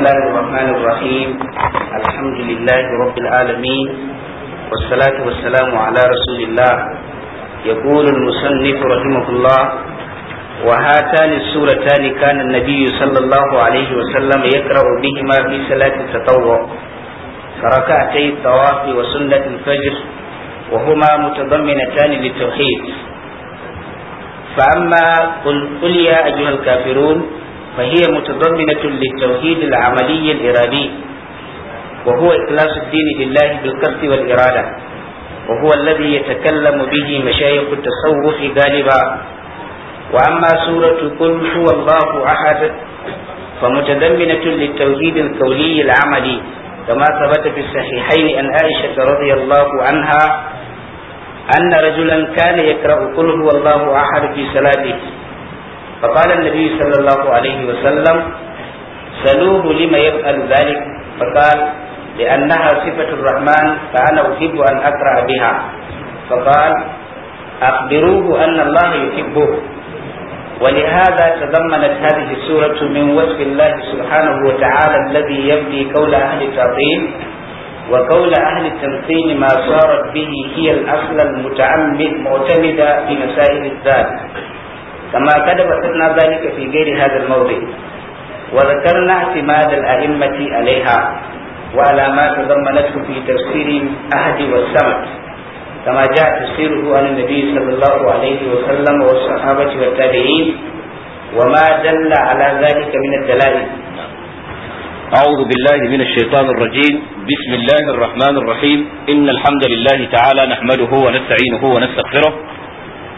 الله الرحمن الرحيم الحمد لله رب العالمين والصلاة والسلام على رسول الله يقول المصنف رحمه الله وهاتان السورتان كان النبي صلى الله عليه وسلم يقرأ بهما في صلاة التطوع كركعتي الطواف وسنة الفجر وهما متضمنتان للتوحيد فأما قل, قل يا أيها الكافرون فهي متضمنة للتوحيد العملي الإرادي وهو إخلاص الدين لله بالقصد والإرادة وهو الذي يتكلم به مشايخ التصوف غالبا وأما سورة قل هو الله أحد فمتضمنة للتوحيد الكوني العملي كما ثبت في الصحيحين أن عائشة رضي الله عنها أن رجلا كان يقرأ قل هو الله أحد في صلاته فقال النبي صلى الله عليه وسلم سلوه لما يفعل ذلك فقال لأنها صفة الرحمن فأنا أحب أن أقرأ بها فقال أخبروه أن الله يحبه ولهذا تضمنت هذه السورة من وصف الله سبحانه وتعالى الذي يبدي قول أهل التعظيم وقول أهل التنقيم ما صارت به هي الأصل المتعمد معتمدة في مسائل الذات كما قد بسطنا ذلك في غير هذا الموضع وذكرنا اعتماد الأئمة عليها وعلى ما تضمنته في تفسير أحد والسمت كما جاء تفسيره عن النبي صلى الله عليه وسلم والصحابة والتابعين وما دل على ذلك من الدلائل أعوذ بالله من الشيطان الرجيم بسم الله الرحمن الرحيم إن الحمد لله تعالى نحمده ونستعينه ونستغفره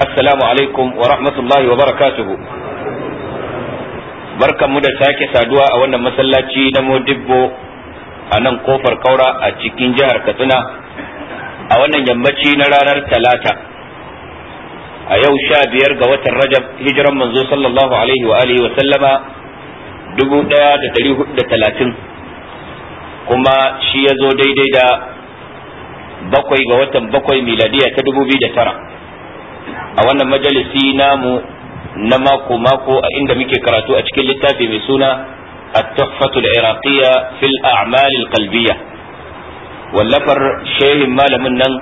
assalamu alaikum wa rahmatullahi wa barakatuhu barkanmu da sake saduwa a wannan masallaci na modibbo a nan kofar kaura a cikin jihar katsina a wannan yammaci na ranar talata a yau sha biyar ga watan rajab hijiran manzo sallallahu alaihi wa alihi wa sallama dubu daya da dari hudu da talatin kuma shi ya zo daidai da bakwai ga watan bakwai miladiya ta dubu biyu da tara a wannan majalisi namu na mako mako a inda muke karatu a cikin littafi mai suna at-tuhfatul iraqiyya fil a'mal al wallafar shehin malamin nan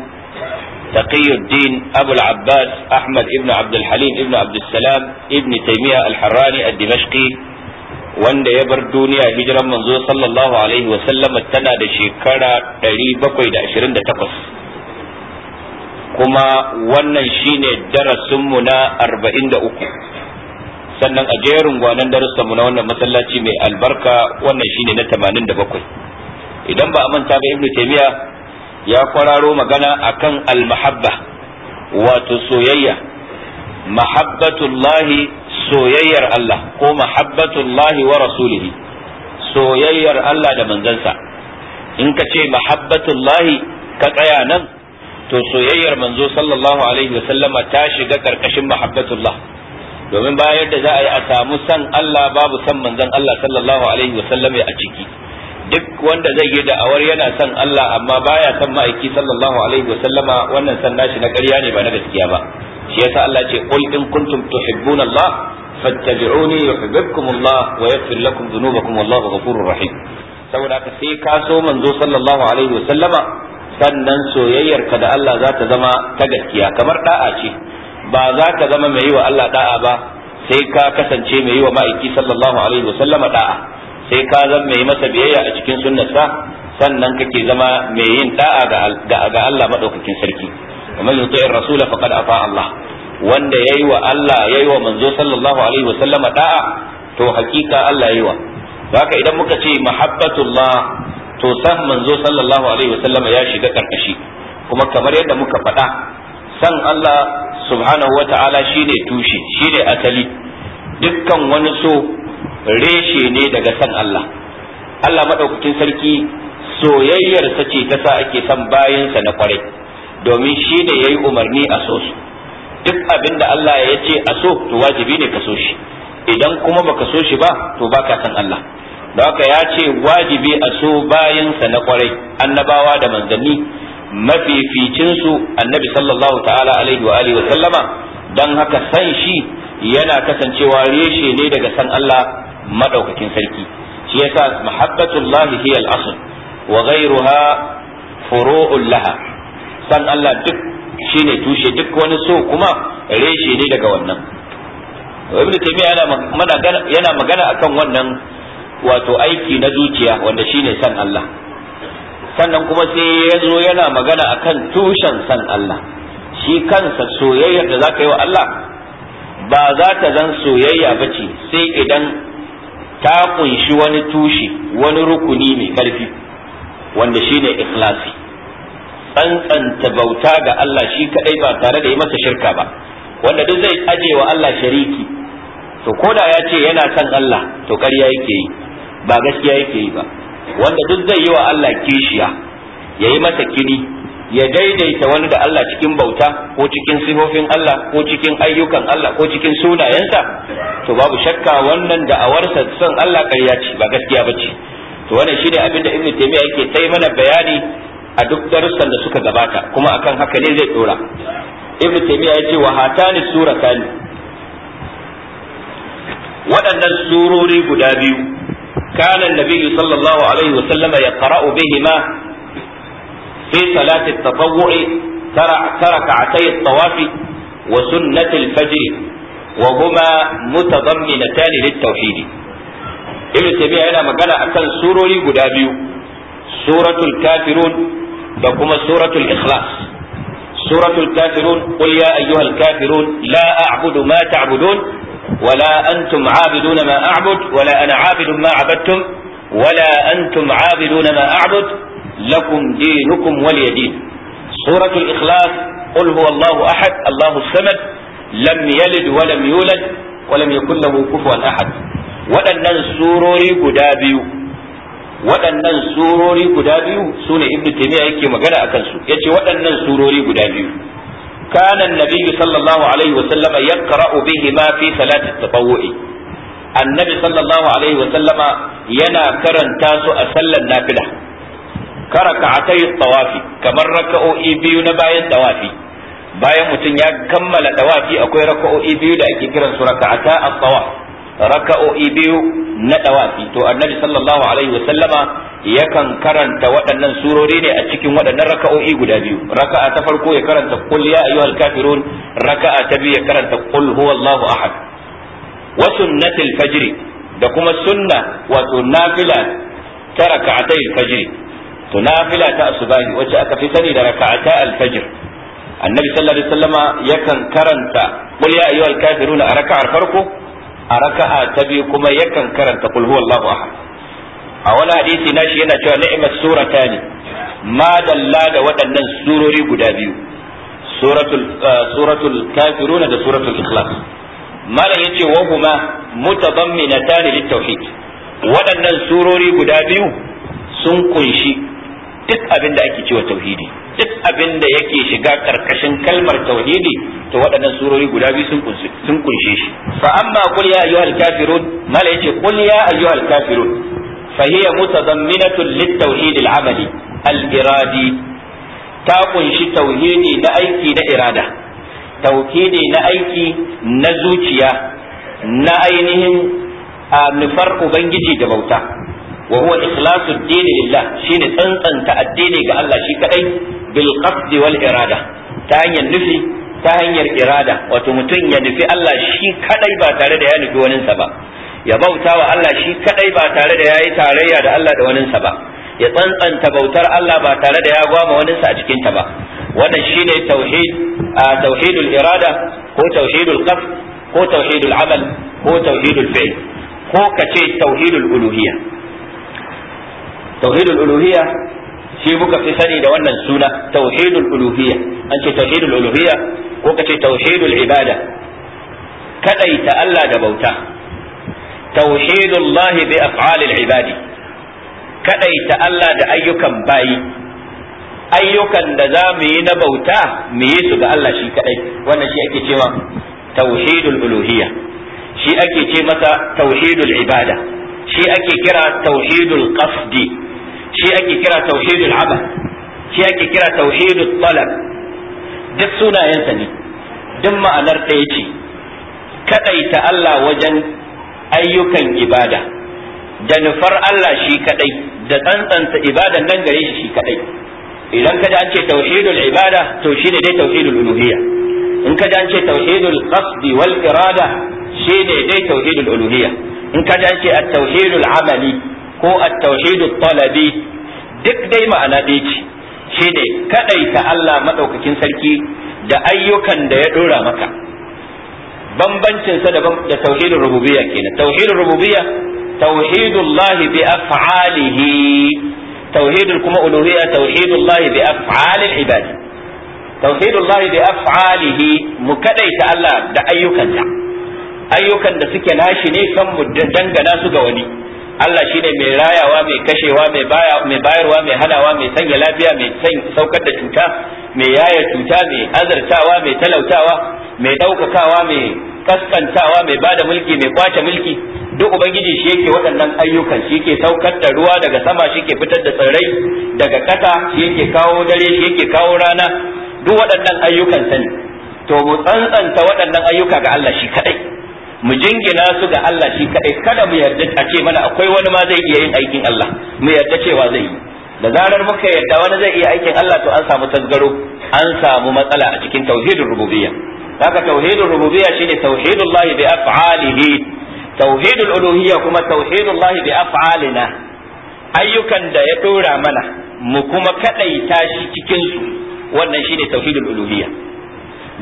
taqiyuddin abu al-abbas ahmad ibn abd ibn abd salam ibn taymiya al-harrani ad wanda ya bar duniya hijiran manzo sallallahu alaihi wa sallam tana da shekara 728 kuma wannan shine darasinmu na arba'in da uku sannan a jerin gwanan darussanmu na wannan masallaci mai albarka wannan shine na tamanin da bakwai idan ba a manta ba ibnu taimiya ya kwararo magana akan almahabba wato soyayya mahabbatullahi soyayyar Allah ko mahabbatullahi wa rasulihi soyayyar Allah da manzansa in ka ce mahabbatullahi ka tsaya nan to soyayyar manzo sallallahu alaihi wa sallama ta shiga karkashin mahabbatullah domin bayar da za a yi a samu san Allah babu san manzon Allah sallallahu alaihi wa sallama a ciki duk wanda zai yi da'awar yana son Allah amma baya son ma'aiki sallallahu alaihi wa sallama wannan san nashi na ƙarya ne ba na gaskiya ba shi yasa Allah ce qul in kuntum tuhibbuna Allah fattabi'uni yuhibbukum Allah wa yaghfir lakum dhunubakum wallahu ghafurur rahim saboda haka sai ka so manzo sallallahu alaihi wa sallama sannan soyayyarka da Allah za ta zama ta gaskiya kamar da'a ce ba za ka zama mai yi wa Allah da'a ba sai ka kasance mai yi wa ma'aiki sallallahu alaihi wa sallama da'a sai ka zama mai masa biyayya a cikin sunnarsa sannan kake zama mai yin da'a ga Allah madaukakin sarki ومن يطيع الرسول فقد اطاع Allah. wanda yayi wa Allah yayi wa manzo sallallahu alaihi wa sallama da'a to hakika Allah yayi wa haka idan muka ce mahabbatullah to san manzo sallallahu alaihi wasallam ya shiga karkashi kuma kamar yadda muka faɗa san Allah subhanahu wa ta'ala shine tushe shine asali dukkan wani so reshe ne daga san Allah Allah madaukakin sarki soyayyarsa ce ta sa ake son bayansa na kwarai domin shi ne ya umarni a so su duk abin Allah ya ce a so to wajibi ne ka so shi idan kuma baka so shi ba to baka san Allah da haka ya ce wajibi a so bayansa na kwarai annabawa da manzanni mafificinsu annabi sallallahu ta'ala alaihi wa alihi wa sallama dan haka san shi yana kasancewa reshe ne daga san Allah madaukakin sarki shi yasa mahabbatullahi hiya al-asl wa ghayruha furu'un laha san Allah duk shine tushe duk wani so kuma reshe ne daga wannan ibn taymiya yana magana yana magana akan wannan wato aiki na zuciya wanda shine san Allah sannan kuma sai ya zo yana magana akan tushen san Allah shi kansa soyayyar da za ka yi wa Allah ba za ta zan soyayya ba ce sai idan ta kunshi wani tushe wani rukuni mai ƙarfi wanda shine ikhlasi tsantsanta bauta ga Allah shi kadai ba tare da yi masa shirka ba wanda duk zai ajewa Allah shariki to koda ya ce yana san Allah to ƙarya yake yi ba gaskiya yake yi ba wanda duk zai yi wa Allah kishiya ya yi masa kini ya daidaita wani da Allah cikin bauta ko cikin sifofin Allah ko cikin ayyukan Allah ko cikin sunayensa to babu shakka wannan da da'awarsa son Allah ƙarya ce ba gaskiya ba ce to wannan ne abin da Ibn Taymiyyah yake tai mana bayani a duk darussan da suka gabata kuma akan haka ne zai dora Ibn Taymiyyah ce, wa hatani suratani waɗannan surori guda biyu كان النبي صلى الله عليه وسلم يقرأ بهما في صلاة التطوع كركعتي الطواف وسنة الفجر وهما متضمنتان للتوحيد ابن تيمية هنا مجانا أكل سورة قدابيو سورة الكافرون وكما سورة الإخلاص سورة الكافرون قل يا أيها الكافرون لا أعبد ما تعبدون ولا أنتم عابدون ما أعبد ولا أنا عابد ما عبدتم ولا أنتم عابدون ما أعبد لكم دينكم ولي دين سورة الإخلاص قل هو الله أحد الله الصمد لم يلد ولم يولد ولم يكن له كفوا أحد waɗannan surori guda biyu waɗannan surori guda biyu su ne ibnu taymiya yake magana akan su yace waɗannan surori guda biyu كان النبي صلى الله عليه وسلم يقرأ بهما في صلاة التطوع النبي صلى الله عليه وسلم ينا كرن تاسو أسل النافلة كركعتي الطواف كمن ركعوا إبيو نبايا الطوافي bayan mutum ya kammala dawafi akwai raka'o'i biyu da ake kiran su raka'ata at-tawaf raka'o'i biyu na dawafi to annabi sallallahu alaihi wa sallama yakan karanta waɗannan surori ne a cikin waɗannan raka'o'i guda biyu raka'a ta farko ya karanta kul ya ayyuhal kafirun raka'a ta biyu ya karanta kul huwallahu ahad wa sunnatul fajr da kuma sunna wato nafila ta raka'atai al-fajr to nafila ta asubahi wacce aka fi sani da raka'ata al-fajr annabi sallallahu alaihi wasallama yakan karanta kul ya ayyuhal kafirun a raka'ar farko a raka'a ta biyu kuma yakan karanta kul huwallahu ahad a wani hadisi nashi yana cewa ta ne ma dalla da waɗannan surori guda biyu suratul eh, suratul kafiruna da suratul ikhlas malam yace wa huma mutadamminatan lit-tauhid waɗannan surori guda biyu sun kunshi duk abin da ake cewa tauhidi duk abin da yake shiga karkashin kalmar tauhidi to waɗannan surori guda biyu sun kunshi sun kunshe shi fa amma qul ya ayyuhal kafirun mala yace qul ya ayyuhal kafirun فهي متضمنة للتوحيد العملي الإرادي تاقن شي توحيدي لأيكي لإرادة توحيدي لأيكي نزوجيا نأينهم نفرق بنجي دبوتا وهو إخلاص الدين لله شين تنتن الدين قال الله شي كأي بالقصد والإرادة تاني النفي ta hanyar irada wato mutum ya nufi Allah shi kadai ba tare da ya nufi waninsa ba ya bauta wa Allah shi kadai ba tare da yayi tarayya da Allah da waninsa ba ya tsantsanta bautar Allah ba tare da ya gwama waninsa a cikinta ba wannan shine tauhid tauhidul irada ko tauhidul qasd ko tauhidul amal ko tauhidul fi'l ko kace tauhidul uluhiyya tauhidul uluhiyya shi muka fi sani da wannan suna tauhidul uluhiyya an ce tauhidul uluhiyya ko kace tauhidul ibada kadaita Allah da bauta tauhidullahi bi af'alil ibadi kadaita Allah da ayyukan bayi ayyukan da za mu yi na bauta mu yi su ga Allah shi kadai wannan shi ake cewa tauhidul uluhiyya shi ake ce masa tauhidul ibada shi ake kira tauhidul qasdi shi ake kira tauhidul amal shi ake kira tauhidul talab duk sunayensa duk ta Allah wajen ayyukan ibada da nufar Allah shi kadai da tsantsanta ibadan nan gare shi shi kadai idan ka an ce tauhidul ibada to ne dai tauhidul uluhiyya in ka an ce tauhidul qasdi wal irada ne dai tauhidul uluhiyya in ka an ce at-tauhidul amali ko at-tauhidut talabi duk dai ma'ana ɗaya ce ne kadai ta Allah madaukakin sarki da ayyukan da ya dora maka bambancin sa da da tauhidul rububiyya kenan tauhidul rububiyya tauhidullahi bi af'alihi tauhidul kuma uluhiyya tauhidullahi bi af'alil ibad tauhidullahi bi af'alihi mu kadaita Allah da ayyukansa ayyukan da suke nashi ne kan su ga wani Allah shine mai rayawa mai kashewa mai baya mai bayarwa mai hanawa mai sanya lafiya mai saukar da cuta mai yaya cuta mai azartawa mai talautawa mai daukakawa mai kaskantawa mai bada mulki mai kwace mulki duk ubangiji shi yake waɗannan ayyukan shi yake saukar da ruwa daga sama shi yake fitar da tsirrai daga ƙasa shi yake kawo dare shi yake kawo rana duk waɗannan ayyukan sani to mu tsantsanta waɗannan ayyuka ga Allah shi kadai mu jingina su ga Allah shi kadai kada mu yarda a ce mana akwai wani ma zai iya yin aikin Allah mu yarda cewa zai yi da zarar muka yarda wani zai iya aikin Allah to an samu tasgaro an samu matsala a cikin tauhidin rububiyya haka tauhidin rububiyya shine tauhidullahi bi af'alihi tauhidul uluhiyya kuma tauhidullahi bi af'alina ayyukan da ya dora mana mu kuma kadai tashi cikin su wannan shine tauhidul uluhiyya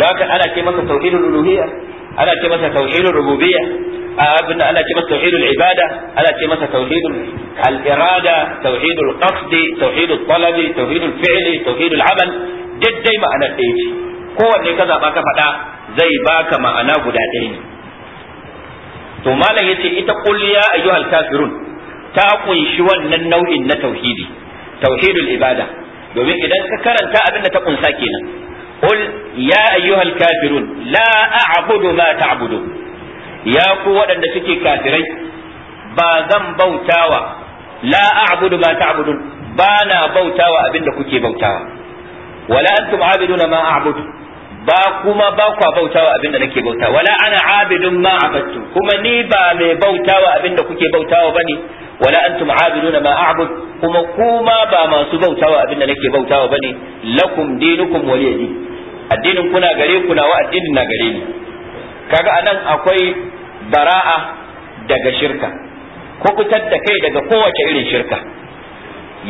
da haka ana ce masa tauhidul uluhiyya ana ce masa tauhidul rububiyya abinda ana ce masa tauhidul ibada ana ce masa tauhidul al-irada tauhidul qasd tauhidul talabi tauhidul fi'li tauhidul amal ma'anar ɗaya kowanne ka zaba ka faɗa zai baka ma'ana guda ɗaya ne to malam yace ita qul ya ayyuhal kafirun ta kunshi wannan nau'in na tauhidi tauhidul ibada domin idan ka karanta abin da ta kunsa kenan قل يا أيها الكافرون لا أعبد ما تعبدون يا قوة أن سكي كافري بازم بوتاوى لا أعبد ما تعبدون بانا بوتاوى أبن كتي بوتاوى ولا أنتم عابدون ما أعبد ba kuma ba kwa bautawa abin da nake bautawa wala ana abidun ma abattu kuma ni ba mai bautawa abin da kuke bautawa bane wala antum abiduna ma a'bud kuma kuma ba masu bautawa abin da nake bautawa bane lakum dinukum waliyadi addinin kuna gare ku nawa addinin na gare ni kaga anan akwai bara'a daga shirka ko kutar da kai daga kowace irin shirka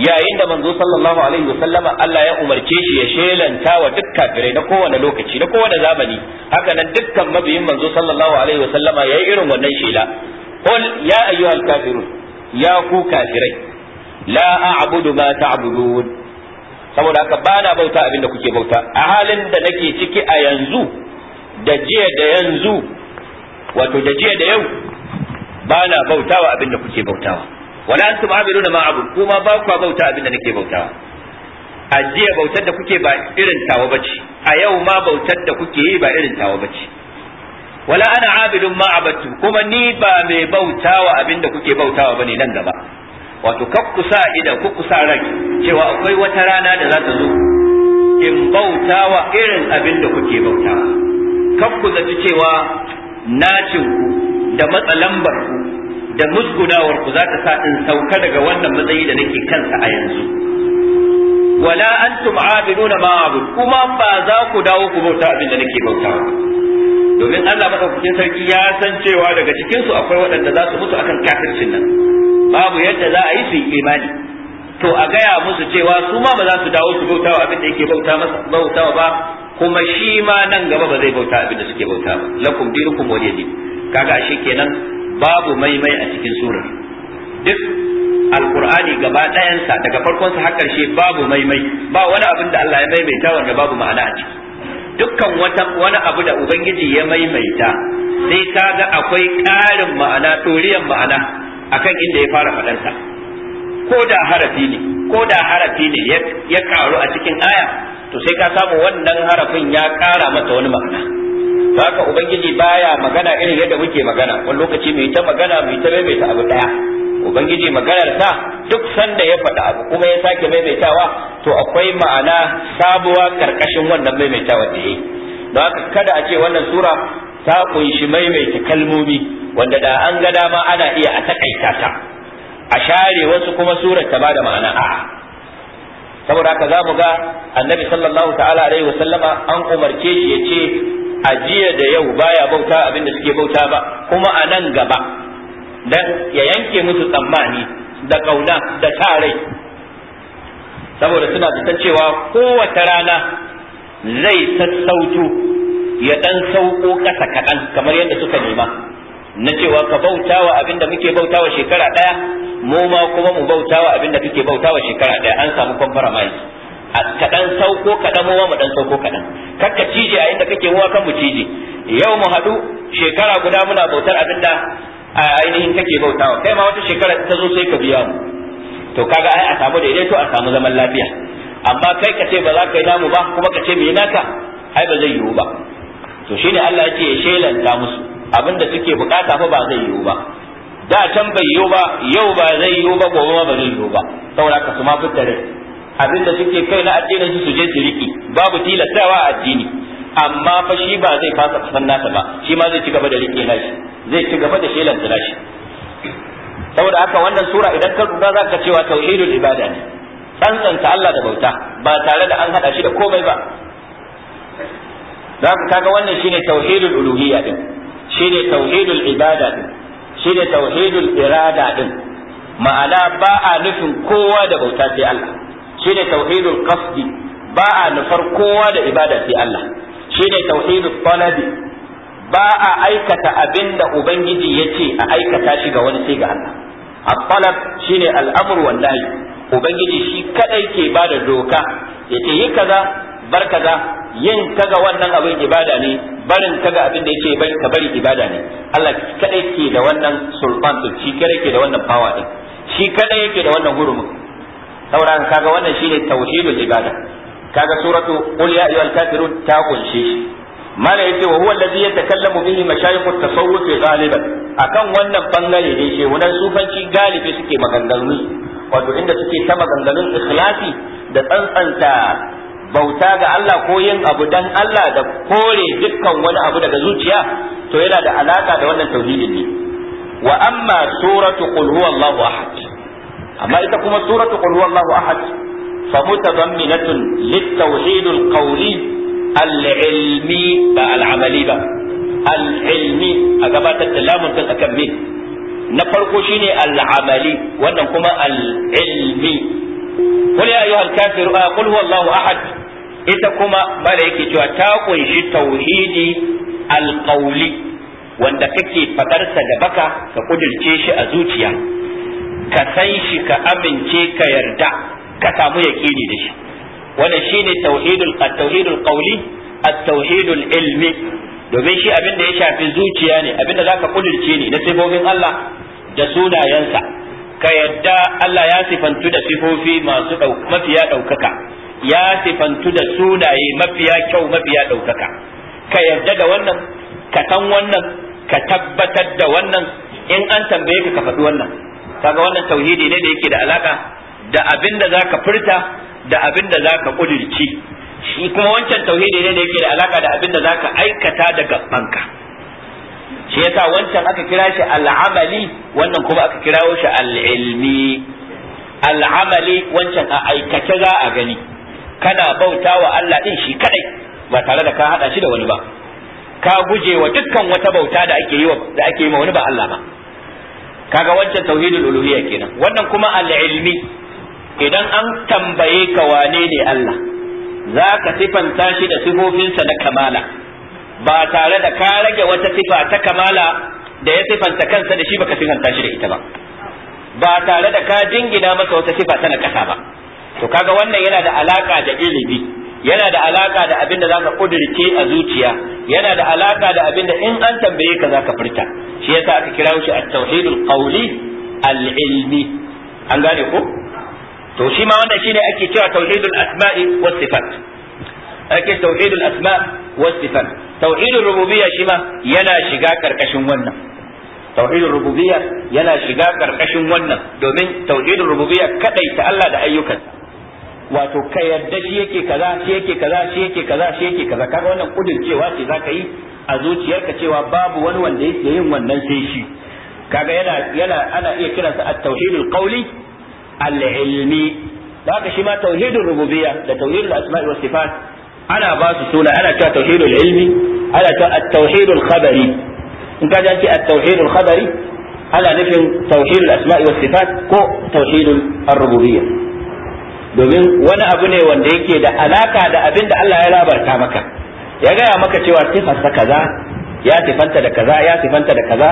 yayin da manzo sallallahu alaihi wasallama Allah ya umarce shi ya shelanta wa duk kafirai na kowane lokaci na kowane zamani haka nan dukkan mabiyin manzo sallallahu alaihi wasallama yayi irin wannan shela qul ya ayyuhal kafirun ya ku kafirai la a'budu ma ta'budun saboda haka ba na bauta abin da kuke bauta a halin da nake ciki a yanzu da jiya da yanzu wato da jiya da yau ba na bautawa abin da kuke bautawa wala antum abiduna ma abu kuma ba ku bauta abin da nake bautawa a jiya bautar da kuke ba irin tawa bace a yau ma bautar da kuke yi ba irin tawa bace wala ana abidun ma abattu kuma ni ba mai bautawa abin da kuke bautawa bane nan gaba wato kakkusa ida kakkusa ran cewa akwai wata rana da za ta zo in bauta wa irin abin da kuke bauta? kakku zaci cewa nacinku da matsalambarku da ku za ta sa in sauka daga wannan matsayi da nake kansa a yanzu wala antum abiduna ma abud kuma ba za ku dawo ku bauta abin da nake bauta? domin Allah madaukakin sarki ya san cewa daga cikin su akwai waɗanda za su mutu akan kafircin nan babu yadda za a yi su yi imani to a gaya musu cewa su ma ba za su dawo su bauta wa abin da yake bauta masa bauta ba kuma shi ma nan gaba ba zai bauta abin da suke bauta ba lakum dinukum waliyadi kaga shi kenan babu maimai a cikin surar duk alqur'ani gaba ɗayansa daga farkon sa har karshe babu maimai ba wani abin da Allah ya maimaita wanda babu ma'ana a ciki dukkan wata wani abu da ubangiji ya maimaita sai kaga akwai ƙarin ma'ana toriyan ma'ana akan inda ya fara faɗansa ko da harafi ne ko da harafi ne ya karu a cikin aya to sai ka samu wannan harafin ya ƙara masa wani ma'ana haka ubangiji baya magana irin yadda muke magana wani lokaci mai ta magana mai ta maimaita abu daya ubangiji maganar sa duk sanda ya faɗa abu kuma ya sake maimaitawa to akwai ma'ana sabuwa karkashin wannan maimaitawa da yayi don haka kada a ce wannan sura ta kunshi maimaita kalmomi wanda da an ga dama ana iya a takaita ta a share wasu kuma surar ta bada ma'ana a saboda haka za mu ga annabi sallallahu ta'ala alaihi wa sallama an umarce shi ya ce a jiya da yau baya bauta abinda suke bauta ba kuma a nan gaba dan ya yanke musu tsammani da kauna da rai saboda suna da cewa kowace rana zai sassauto ya dan sauko kasa kaɗan kamar yadda suka nema na cewa ka abin da muke bauta wa shekara daya mu ma kuma mu bauta wa da abinda kake wa shekara daya an samu compromise a kadan sauko kadan mu mu dan sauko kadan kakka cije a inda kake mu kan mu cije yau mu hadu shekara guda muna bautar abinda a ainihin kake bautawa kai ma wata shekara ta zo sai ka biya mu to kaga ai a samu daidaito a samu zaman lafiya amma kai ka ce ba za ka yi namu ba kuma ka ce me naka ai ba zai yiwu ba to shine Allah ya ce ya shelanta musu Abinda suke bukata fa ba zai yiwu ba da can bai yiwu ba yau ba zai yiwu ba gobe ba zai yiwu ba saboda ka su ma fitare abinda suke kai na addinin su je su riki babu tilastawa addini amma fa shi ba zai fasa kasan nasa ba shi ma zai ci gaba da riki nashi zai ci gaba da shelan nashi saboda haka wannan sura idan ka duba za ka cewa tauhidul ibada ne tsantsanta Allah da bauta ba tare da an hada shi da komai ba za ka kaga wannan shine tauhidul uluhiyya din shine tauhidul ibada din shine tauhidul irada din ma'ana ba a nufin kowa da bauta sai Allah shine tauhidul qasdi ba a nufar kowa da ibada sai Allah shine tauhidul talabi ba a aikata abinda ubangiji yace a aikata shi ga wani sai ga Allah at-talab shine al-amr wal ubangiji shi kadai ke bada doka yace yi kaza bar kaza yin kaga wannan abin ibada ne barin kaga ga abin da yake bari ka bari ibada ne Allah kadai ke da wannan sulfan to shi kadai ke da wannan power din shi kadai yake da wannan hurumin sauran kaga wannan shine tauhidul ibada kaga suratu qul ya ayyuhal kafirun ta kunshe shi mana yace wa huwa allazi yatakallamu bihi mashayikh at tasawwuf ghaliban akan wannan bangare ne shi wannan sufanci galibi suke maganganu wato inda suke ta maganganun ikhlasi da tsantsanta bauta ga Allah ko yin abu dan Allah da kore dukkan wani abu daga zuciya to yana da alaka da wannan tauhidin ne wa amma suratu qul huwallahu ahad amma ita kuma suratu qul huwallahu ahad fa mutadamminatun lit-tauhid al-qawli al-ilmi ba al-amali ba al-ilmi a gabatar da lamun kan akan min na farko shine al-amali wannan kuma al-ilmi qul ya ayyuhal a qul huwallahu ahad ita kuma bala yake cewa ta kunshi tauhidi alqauli wanda kake fadarsa da baka ka kudirce shi a zuciya ka san shi ka amince ka yarda ka samu yaqini da shi wannan shine tauhidul at-tauhidul qawli at-tauhidul ilmi domin shi abin da ya shafi zuciya ne abin da zaka kudirce ne na sifofin Allah da sunayensa ka yadda Allah ya sifantu da sifofi masu mafiya ɗaukaka ya sifantu da sunaye mafiya kyau mafiya ɗaukaka ka yadda da wannan ka san wannan ka tabbatar da wannan in an tambaye ka ka faɗi wannan kaga wannan tauhidi ne da yake da alaka da abin da zaka furta da abin da zaka kudirci shi kuma wancan tauhidi ne da yake da alaka da abin da zaka aikata da gabanka shi yasa wancan aka kira shi al'amali wannan kuma aka kirawo shi al'ilmi al'amali wancan a aikace za a gani kana bauta wa Allah din shi kadai ba tare da ka hada shi da wani ba ka guje wa dukkan wata bauta da ake yi da ake yi ma wani ba Allah ba kaga wancan tauhidul uluhiyya kenan wannan kuma al idan an tambaye ka wane ne Allah zaka sifanta shi da sifofinsa na kamala ba tare da ka rage wata sifa ta kamala da ya sifanta kansa da shi baka sifanta shi da ita ba ba tare da ka dingina masa wata sifa ta na kasa ba to kaga wannan yana da alaka da ilimi yana da alaka da abin da zaka kudirce a zuciya yana da alaka da abin da in an tambaye ka zaka furta shi yasa aka kira shi at-tauhidul qawli al-ilmi an gane ko to shi ma wannan shine ake cewa tauhidul asma'i was sifat ake tauhidul asma was sifat tauhidul rububiyya shi ma yana shiga karkashin wannan tauhidul rububiyya yana shiga karkashin wannan domin tauhidul rububiyya kadai ta Allah da ayyukan. wato ka yarda shi yake kaza shi yake kaza shi yake kaza shi yake kaza kaga wannan kudin cewa ce zaka yi a zuciyarka cewa babu wani wanda yake yin wannan sai shi kaga yana yana ana iya kiransa at-tauhidul qawli al-ilmi haka shi ma tauhidul rububiyya da tauhidul asma'i was sifat ana ba su suna ana cewa tauhidul ilmi ana cewa at-tauhidul khabari in ka ji at-tauhidul khabari ana nufin tauhidul asma'i was sifat ko tauhidul ar-rububiyya domin wani abu ne wanda yake da alaka da abin da Allah ya labarta maka ya gaya maka cewa sifarsa kaza ya sifanta da kaza ya sifanta da kaza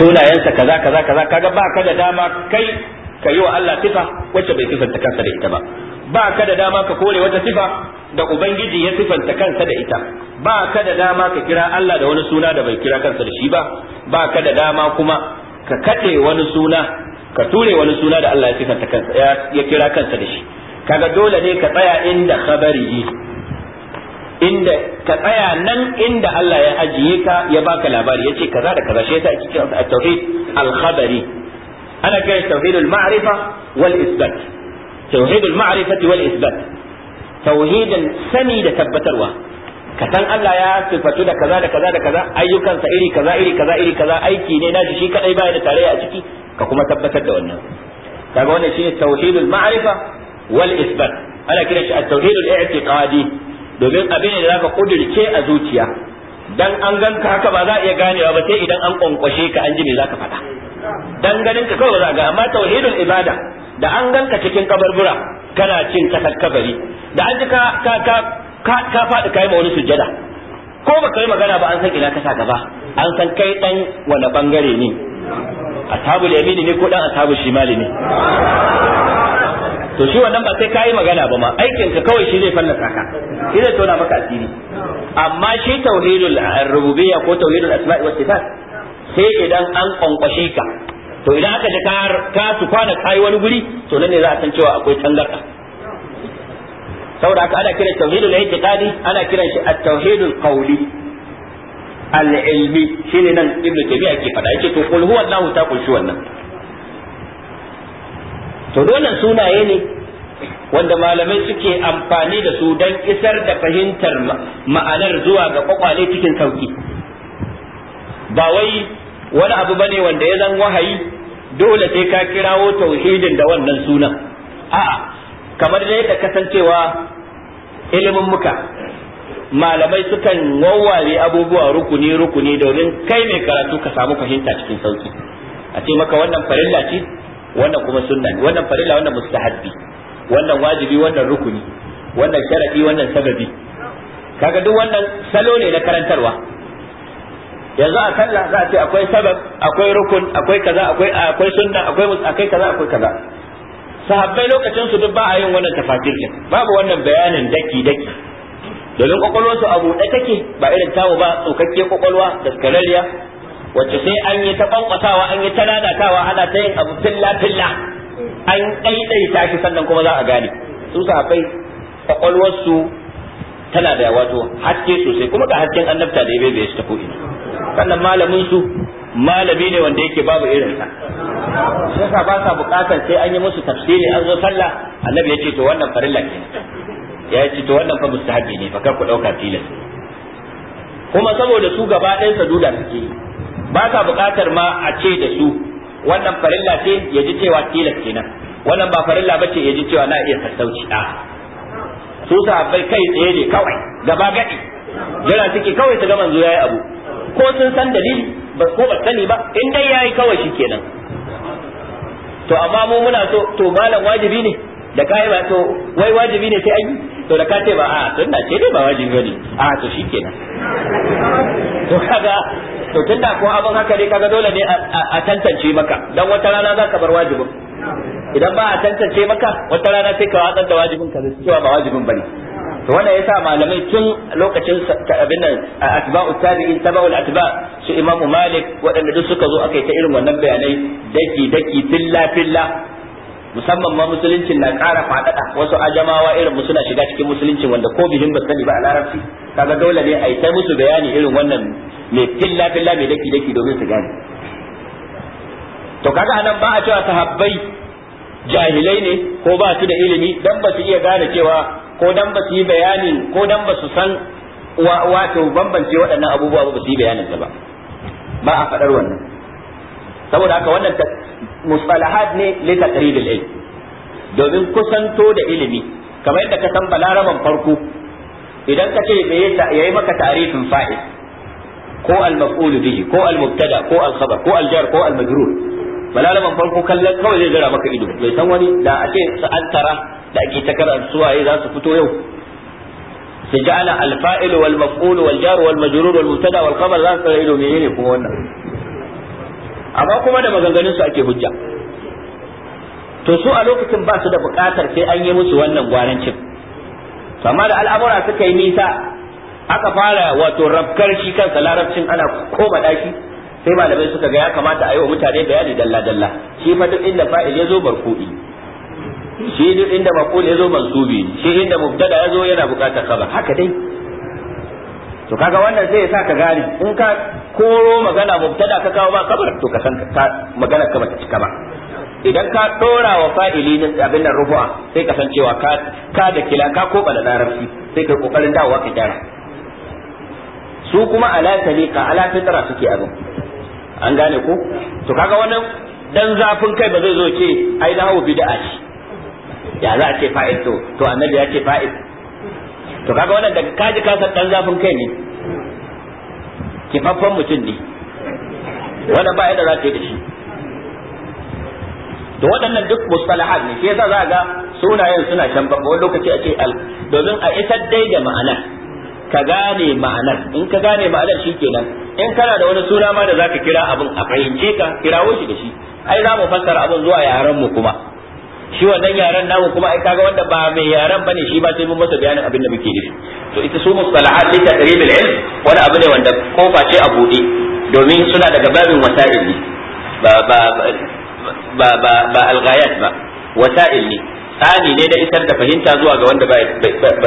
sunayensa kaza kaza kaza kaga ba ka da dama kai ka yi wa Allah sifa wacce bai sifanta kansa da ita ba ba ka da dama ka kore wata sifa da ubangiji ya sifanta kansa da ita ba ka da dama ka kira Allah da wani suna da bai kira kansa da shi ba ba ka da dama kuma ka kaɗe wani suna ka ture wani suna da Allah ya sifanta kansa ya kira kansa da shi kaga dole ne ka tsaya inda khabari inda ka tsaya nan inda Allah ya ajiye ka ya baka labari ya yace kaza da kaza shi yasa ake kiransa at-tauhid al-khabari ana kiran tauhidul ma'rifa wal isbat tauhidul ma'rifati wal isbat tauhidin sani da tabbatarwa ka san Allah ya sifatu da kaza da kaza da kaza ayyukansa iri kaza iri kaza iri kaza aiki ne nashi shi kadai baya da tarayya a ciki ka kuma tabbatar da wannan kaga wannan shine tauhidul ma'rifa wal isbat ana kira shi at-tauhidul i'tiqadi domin abin ne da zaka kudurce a zuciya dan an ganka haka ba za a iya ganewa ba sai idan an kwankwashe ka an ji me zaka faɗa dan ganin ka kawai za ga amma tauhidul ibada da an ganka cikin kabarbura kana cin kabari da an ji ka ka ka ka faɗi kai ma wani sujjada ko baka yi magana ba an san ina ka sa gaba an san kai dan wani bangare ne ashabul yamini ne ko dan ashabul shimali ne to shi wannan ba sai kai magana ba ma aikin ka kawai shi zai fallasa ka shi zai tona maka asiri amma shi tauhidul rububiyya ko tauhidul asma'i was sifat sai idan an kwankwashe ka to idan aka ji ka su kwana kai wani guri to nan ne za a san cewa akwai tangarda saboda haka ana kiran tauhidul i'tiqadi ana kiran shi at-tauhidul qawli al-ilmi shine nan ibnu tabi'a ke faɗa yace to qul huwallahu ta kunshi wannan to dole sunaye ne wanda malamai suke amfani da su don isar da fahimtar ma'anar zuwa ga kwakwale cikin sauki ba wai wani abu bane wanda ya zan wahayi dole sai ka kirawo tauhidin da wannan sunan a'a kamar dai da kasancewa ilimin muka malamai sukan wawware abubuwa rukuni rukuni domin kai mai karatu ka samu fahimta cikin sauki a ce maka wannan farilla ce wannan kuma sunna wannan farilla wannan mustahabbi wannan wajibi wannan rukuni wannan sharadi wannan sababi kaga duk wannan salo ne na karantarwa yanzu a kalla za a ce akwai sabab akwai rukun akwai kaza akwai akwai sunna akwai akai kaza akwai kaza sahabbai lokacin su duk ba a yin wannan tafatir din babu wannan bayanin daki daki domin kokolwar su abu da take ba irin tamu ba tsokakke kwakwalwa da kalaliya wacce sai an yi ta kwankwasawa an yi ta nadatawa ana ta yin abu filla filla an ta shi sannan kuma za a gane su sahabbai kokolwar su tana da wato haske sosai kuma ga hasken annabta da ya bai su ta ko ina wannan malamin su malami ne wanda yake babu irin sa yasa ba sa bukatar sai an yi musu tafsiri an zo sallah annabi ya ce to wannan farilla ne, ya ce to wannan fa mustahabi ne fa kar ku dauka tilas kuma saboda su gaba ɗayan duda suke ba sa bukatar ma a ce da su wannan farilla ce ya ji cewa tilas kenan wannan ba farilla bace ya ji cewa na iya sassauci a su bai kai tsaye ne kawai gaba gadi jira suke kawai su ga manzo yayi abu ko sun san dalili ba ko ba sani ba in dai yayi kawai shikenan to amma mu muna so to malam wajibi ne da kai ba to wai wajibi ne sai ai to da ka ce ba a tunda ce dai ba wajibi bane a to shikenan to kaga to tunda ko abin haka ne kaga dole ne a tantance maka dan wata rana za ka bar wajibin idan ba a tantance maka wata rana sai ka watsar da wajibin ka cewa ba wajibin bane to ya sa malamai tun lokacin abin nan atba'u tabi'in tabaul atba su Imam Malik waɗanda duk suka zo aka yi ta irin wannan bayanai daki daki filla filla musamman ma musuluncin na kara faɗaɗa wasu ajamawa irin suna shiga cikin musuluncin wanda ko bihin ba sani ba a larabci kaga dole ne a yi ta musu bayani irin wannan mai filla filla mai daki daki domin su gane to kaga anan ba a cewa sahabbai jahilai ne ko ba su da ilimi dan ba su iya gane cewa ko dan ba su yi bayanin ko dan ba su san wato bambance waɗannan abubuwa ba su yi bayanin ba ba a faɗar wannan saboda haka wannan musalahat ne li taqridil ilm domin kusanto da ilimi kamar yadda ka san balaraban farko idan ka ce yayi maka ta'rifin fa'il ko al-maf'ul bihi ko al-mubtada ko al-khabar ko al-jar ko al-majrur balaraban farko kallon kawai zai jira maka ido bai san wani da a ce an tara da ake ta karanta waye za su fito yau su ja'ala alfa'il wal maf'ul wal jar wal majrur wal mubtada wal khabar za su tsare menene kuma wannan amma kuma da maganganun su ake hujja to su a lokacin ba su da buƙatar sai an yi musu wannan gwarancin amma da al'amura suka yi nisa aka fara wato rabkar shi kansa larabcin ana koma dashi sai malamai suka ga ya kamata a yi wa mutane bayani dalla dalla shi fa duk inda fa'il ya zo barkudi. shi duk inda maqul yazo mansubi shi inda mubtada yazo yana buƙatar khabar haka dai to kaga wannan sai ya sa ka gane in ka koro magana mubtada ka kawo ba khabar to ka san magana ka bata cika ba idan ka dora wa fa'ili din abin nan rufu'a sai ka san cewa ka ka da kila ka ko bala larabci sai ka kokarin dawowa ka gyara su kuma ala taliqa ala fitra suke abin an gane ko to kaga wannan dan zafin kai ba zai zo ce ai lahu bid'a ce ya za a ce fa'id to to annabi ya ce fa'id. to kaga wannan daga kaji ka san dan zafin kai ne Kifaffan mutum ne wannan ba yadda za ta yi da shi to waɗannan duk mustalahat ne shi yasa za ga sunayen suna can babba wani lokaci a ce al domin a isar dai da ma'anar ka gane ma'anar in ka gane ma'anar shi kenan in kana da wani suna ma da zaka kira abun a fahimce ka kirawo shi da shi ai za mu fassara abin zuwa yaran mu kuma shi wannan yaren namu kuma ai kaga wanda ba mai yaren bane shi ba sai mun masa bayanin abin da muke nufi to ita su mustalahat ta taqribil ilm wani abu ne wanda kofa ce a bude domin suna daga babin wasa'il ne ba ba ba ba ba ba wasa'il ne tsani ne da isar da fahimta zuwa ga wanda ba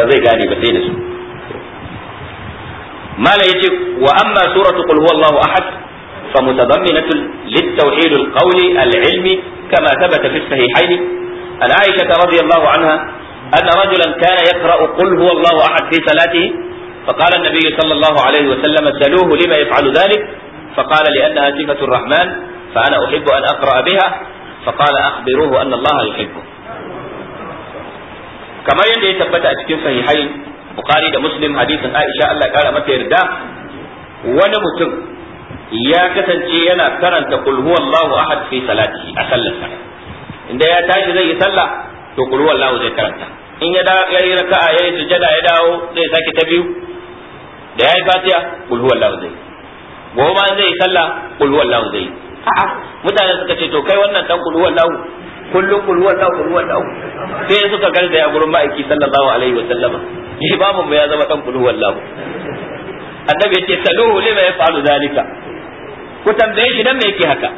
zai gane ba sai da su mala yace wa amma suratu qul huwallahu ahad فمتضمنة للتوحيد القولي العلمي كما ثبت في الصحيحين عن عائشة رضي الله عنها أن رجلا كان يقرأ قل هو الله أحد في صلاته فقال النبي صلى الله عليه وسلم اسألوه لما يفعل ذلك فقال لأنها صفة الرحمن فأنا أحب أن أقرأ بها فقال أخبروه أن الله يحبه كما يلي تبتأ في صحيحين بخاري ده مسلم حديث عائشة الله قال متى يردا wani يا ya انا yana قل هو الله احد في صلاته أسلم sallarsa inda ya tashi zai yi sallah to qul huwallahu zai karanta in ya yi raka'a yayi sujada ya dawo zai saki ta biyu da yayi fatiha qul huwallahu zai gobe ma zai yi sallah qul huwallahu zai a'a mutane suka ce to kai wannan dan qul huwallahu kullum qul huwallahu qul huwallahu sai suka garzaya gurin ma'aiki sallallahu alaihi wa sallama shi babu mu ya zama dan qul huwallahu annabi yace saluhu lima yafalu zalika ku tambaye shi dan me yake haka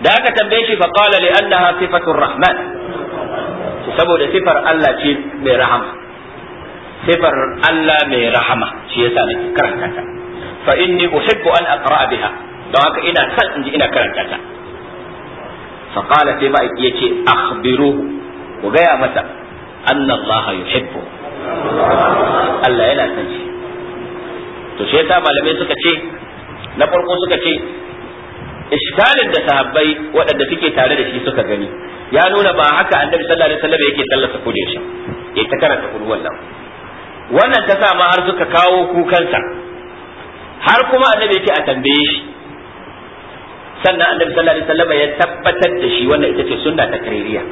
da aka tambaye shi faqala li annaha sifatur rahman saboda sifar Allah ce mai rahama sifar Allah mai rahama shi yasa nake karanta ta fa inni uhibbu an aqra biha don haka ina san in ji ina karanta ta fa qala sai ba yace akhbiruhu ku gaya masa anna Allah yuhibbu Allah yana san shi to shi yasa malamai suka ce na farko suka ce Misalin da sahabbai waɗanda suke tare da shi suka gani ya nuna ba haka annabi sallallahu alaihi wasallam yake sallata kudin shi ya ta karanta kudin wannan wannan ta sa ma har suka kawo kukansa har kuma annabi yake a tambaye shi sannan annabi sallallahu alaihi wasallam ya tabbatar da shi wannan ita ce sunna ta kaririya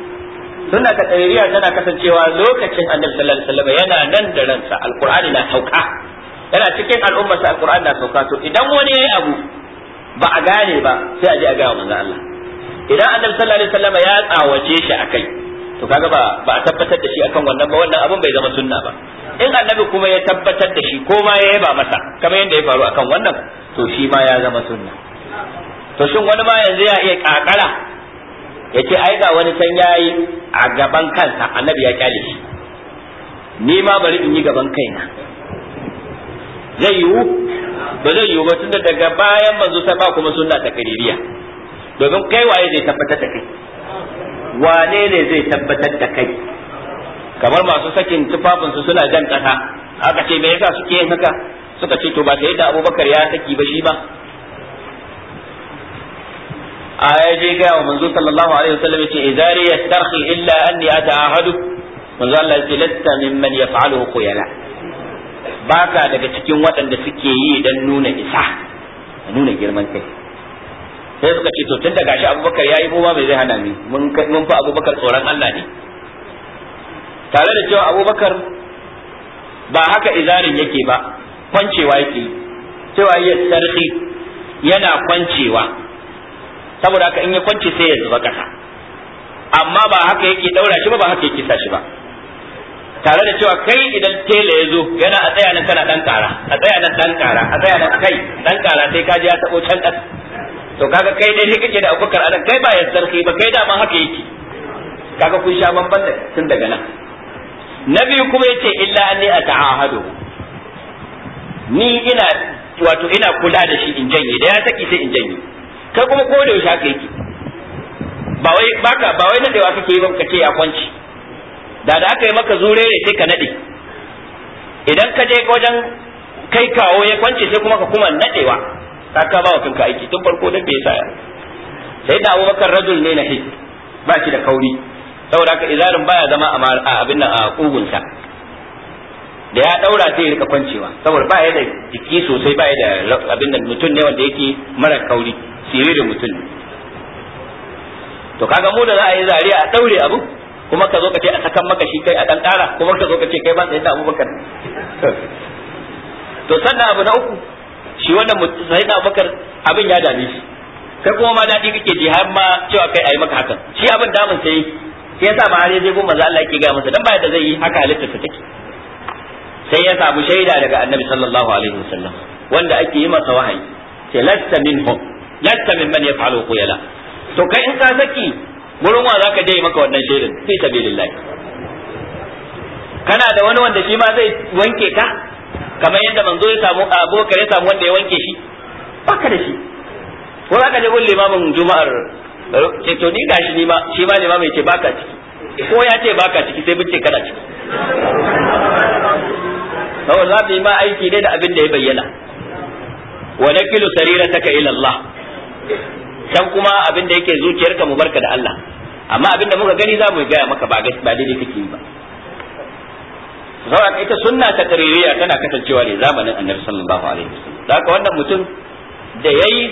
sunna ta kaririya tana kasancewa lokacin annabi sallallahu alaihi wasallam yana nan da ransa alqur'ani na sauka yana cikin sa alqur'ani na sauka to idan wani yayi abu ba a gane ba sai a je a gaya manzo Allah idan annabi sallallahu alaihi wasallam ya tsawace shi akai to kaga ba ba a tabbatar da shi akan wannan ba wannan abin bai zama sunna ba in annabi kuma ya tabbatar da shi ko ma ya yaba masa kamar yadda ya faru akan wannan to shi ma ya zama sunna to shin wani ma yanzu ya iya kakara yace ce ai ga wani can yayi a gaban kansa annabi ya kyale shi ni ma bari in yi gaban kaina zai yiwu ba zai yiwu ba da daga bayan manzo ta ba kuma sunna ta kaririya domin kai waye zai tabbatar da kai wane ne zai tabbatar da kai kamar masu sakin tufafinsu suna jan kasa, aka ce me yasa suke yin haka suka ce to ba sai da abubakar ya saki ba shi ba a je ga wa manzo sallallahu alaihi wasallam yace idari yastarhi illa anni ata'ahadu manzo Allah yace latta mimman yaf'aluhu khuyala baka daga cikin waɗanda suke yi dan nuna isa nuna girman kai sai suka ce to tun da gashi abubakar ya yi ma bai zai hana ni mun fa abubakar tsoron Allah ne tare da cewa abubakar ba haka izarin yake ba kwancewa yake cewa ya sarki yana kwancewa saboda haka in ya kwance sai ya zuba kasa amma ba haka yake daura shi ba ba haka yake sa shi ba tare da cewa kai idan tela ya zo yana a tsaya nan kana dan kara a tsaya nan dan kara a tsaya nan kai dan kara sai ka ji ya tabo can kasa to kaga kai dai kake da abubakar anan kai ba sarki ba kai da ma haka yake kaga kun sha banban da tun daga nan nabi kuma yace illa anni ata'ahadu ni ina wato ina kula da shi in janye da ya saki sai in janye kai kuma ko da yaushe haka yake ba wai baka ba wai nan nadewa kake yi ba kace ya kwanci da da aka yi maka zure ne sai ka nade idan ka je wajen kai kawo ya kwance sai kuma ka kuma nadewa ta ka ba wa kanka aiki tun farko da bai sa sai da abubakar rajul ne na his ba shi da kauri saboda haka izarin baya zama a abin nan a kugunsa da ya daura sai ya rika kwancewa saboda ba ya da jiki sosai ba ya da abin nan mutum ne wanda yake mara kauri sirri da mutum to kaga mu da za a yi zariya a daure abu kuma ka zo ka ce a sakan maka shi kai a dan kara kuma ka zo ka ce kai ba sai da Abubakar to sannan abu na uku shi wannan sai da Abubakar abin ya dame shi kai kuma ma dadi kake ji har ma cewa kai ayi maka hakan shi abin damun sai sai yasa ma har zai goma za Allah yake ga masa dan ba yadda zai yi haka halittar ta take sai ya samu shaida daga Annabi sallallahu alaihi wasallam wanda ake yi masa wahayi sai lasta minhum lasta mimman yaf'alu qiyala to kai in ka saki gurin wa zaka je maka wannan shaidan fi sabilillah kana da wani wanda shi ma zai wanke ka kamar yadda manzo ya samu abokar ya samu wanda ya wanke shi baka da shi ko zaka je gulle limamin juma'ar ce to ni gashi ni ma shi ma limamin ce baka ciki ko ya ce baka ciki sai bincike kana ciki to za mu yi ma aiki dai da abin da ya bayyana wa nakilu sarirataka ila Allah can kuma abin da yake zuciyarka mu barka da Allah amma abinda muka gani za mu gaya maka ba daidai kake ba sauran ita sunna ta taririya tana kasancewa ne zamanin annabi sallallahu alaihi wasallam ka wannan mutum da yayi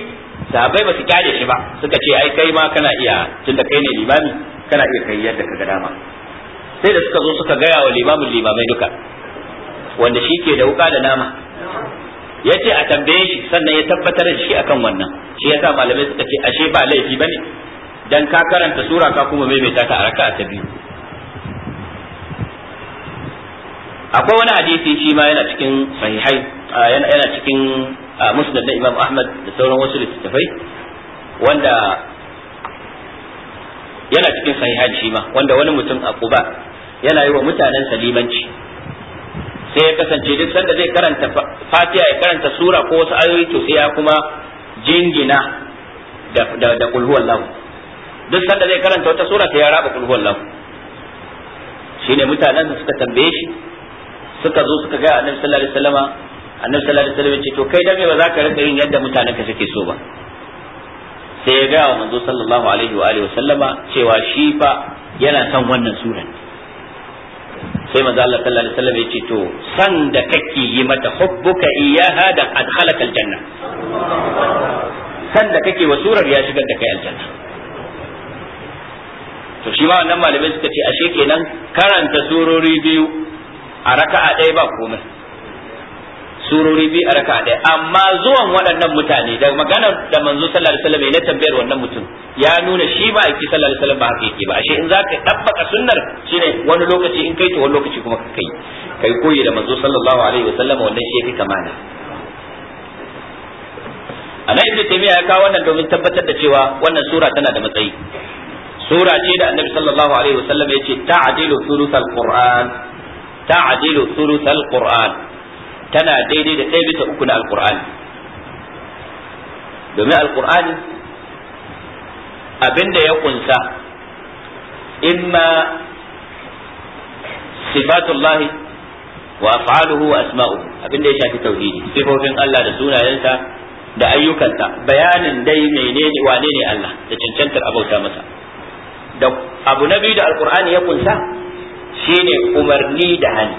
sahabbai ba su kyale shi ba suka ce ai kai ma kana iya tunda kai ne limami kana iya kai yadda ka ga dama sai da suka zo suka gaya wa limamin limamai duka wanda shi ke da wuka da nama ya ce a tambaye shi sannan ya tabbatar da shi akan wannan shi yasa malamai suka ce ashe ba laifi ba ne. dan ka karanta sura ka kuma maimaita ta a raka'a ta biyu akwai wani hadisi shi ma yana cikin sahihai yana cikin musnad da Imam Ahmad da sauran wasu littattafai wanda yana cikin sahihai shi ma wanda wani mutum a Quba yana yi wa mutanen salimanci sai ya kasance duk sanda zai karanta Fatiha ya karanta sura ko wasu ayoyi to sai ya kuma jingina da da kulhu duk sanda zai karanta wata sura sai ya raba kulhu wallahu shine mutanen suka tambaye shi suka zo suka ga annabi sallallahu alaihi wasallama annabi sallallahu alaihi wasallam ya ce to kai da me ba za ka rinka yin yadda mutanen ka suke so ba sai ya ga wa manzo sallallahu alaihi wa alihi wasallama cewa shi fa yana son wannan suran sai manzo Allah sallallahu alaihi wasallam ya ce to san da kake yi mata hubbuka iyaha da adkhalaka aljanna san da kake wa surar ya shigar da kai aljanna to shi ma wannan malamai suka ce ashe kenan karanta surori biyu a raka'a ɗaya ba komai surori biyu a raka'a ɗaya amma zuwan waɗannan mutane da maganar da manzo sallallahu alaihi wasallam na tambayar wannan mutum ya nuna shi ba aiki sallallahu alaihi wasallam ba haka yake ba ashe in zaka tabbaka sunnar shine wani lokaci in kai to wani lokaci kuma ka kai kai koyi da manzo sallallahu alaihi wasallam wannan shi yake kamana ana ibnu taymiya ya kawo wannan domin tabbatar da cewa wannan sura tana da matsayi sura ce da annabi sallallahu alaihi wasallam yace ta'dilu thuluthal qur'an ta'dilu thuluthal qur'an tana daidai da ɗaya bisa uku na alqur'ani domin alqur'ani abinda ya kunsa imma sifatullahi wa af'aluhu wa asma'uhu abinda ya shafi tauhidi sifofin Allah da sunayensa da ayyukansa bayanin dai menene wane ne Allah da cancantar abauta masa da abu na biyu da alkur'ani ya kunsa shine umarni da hani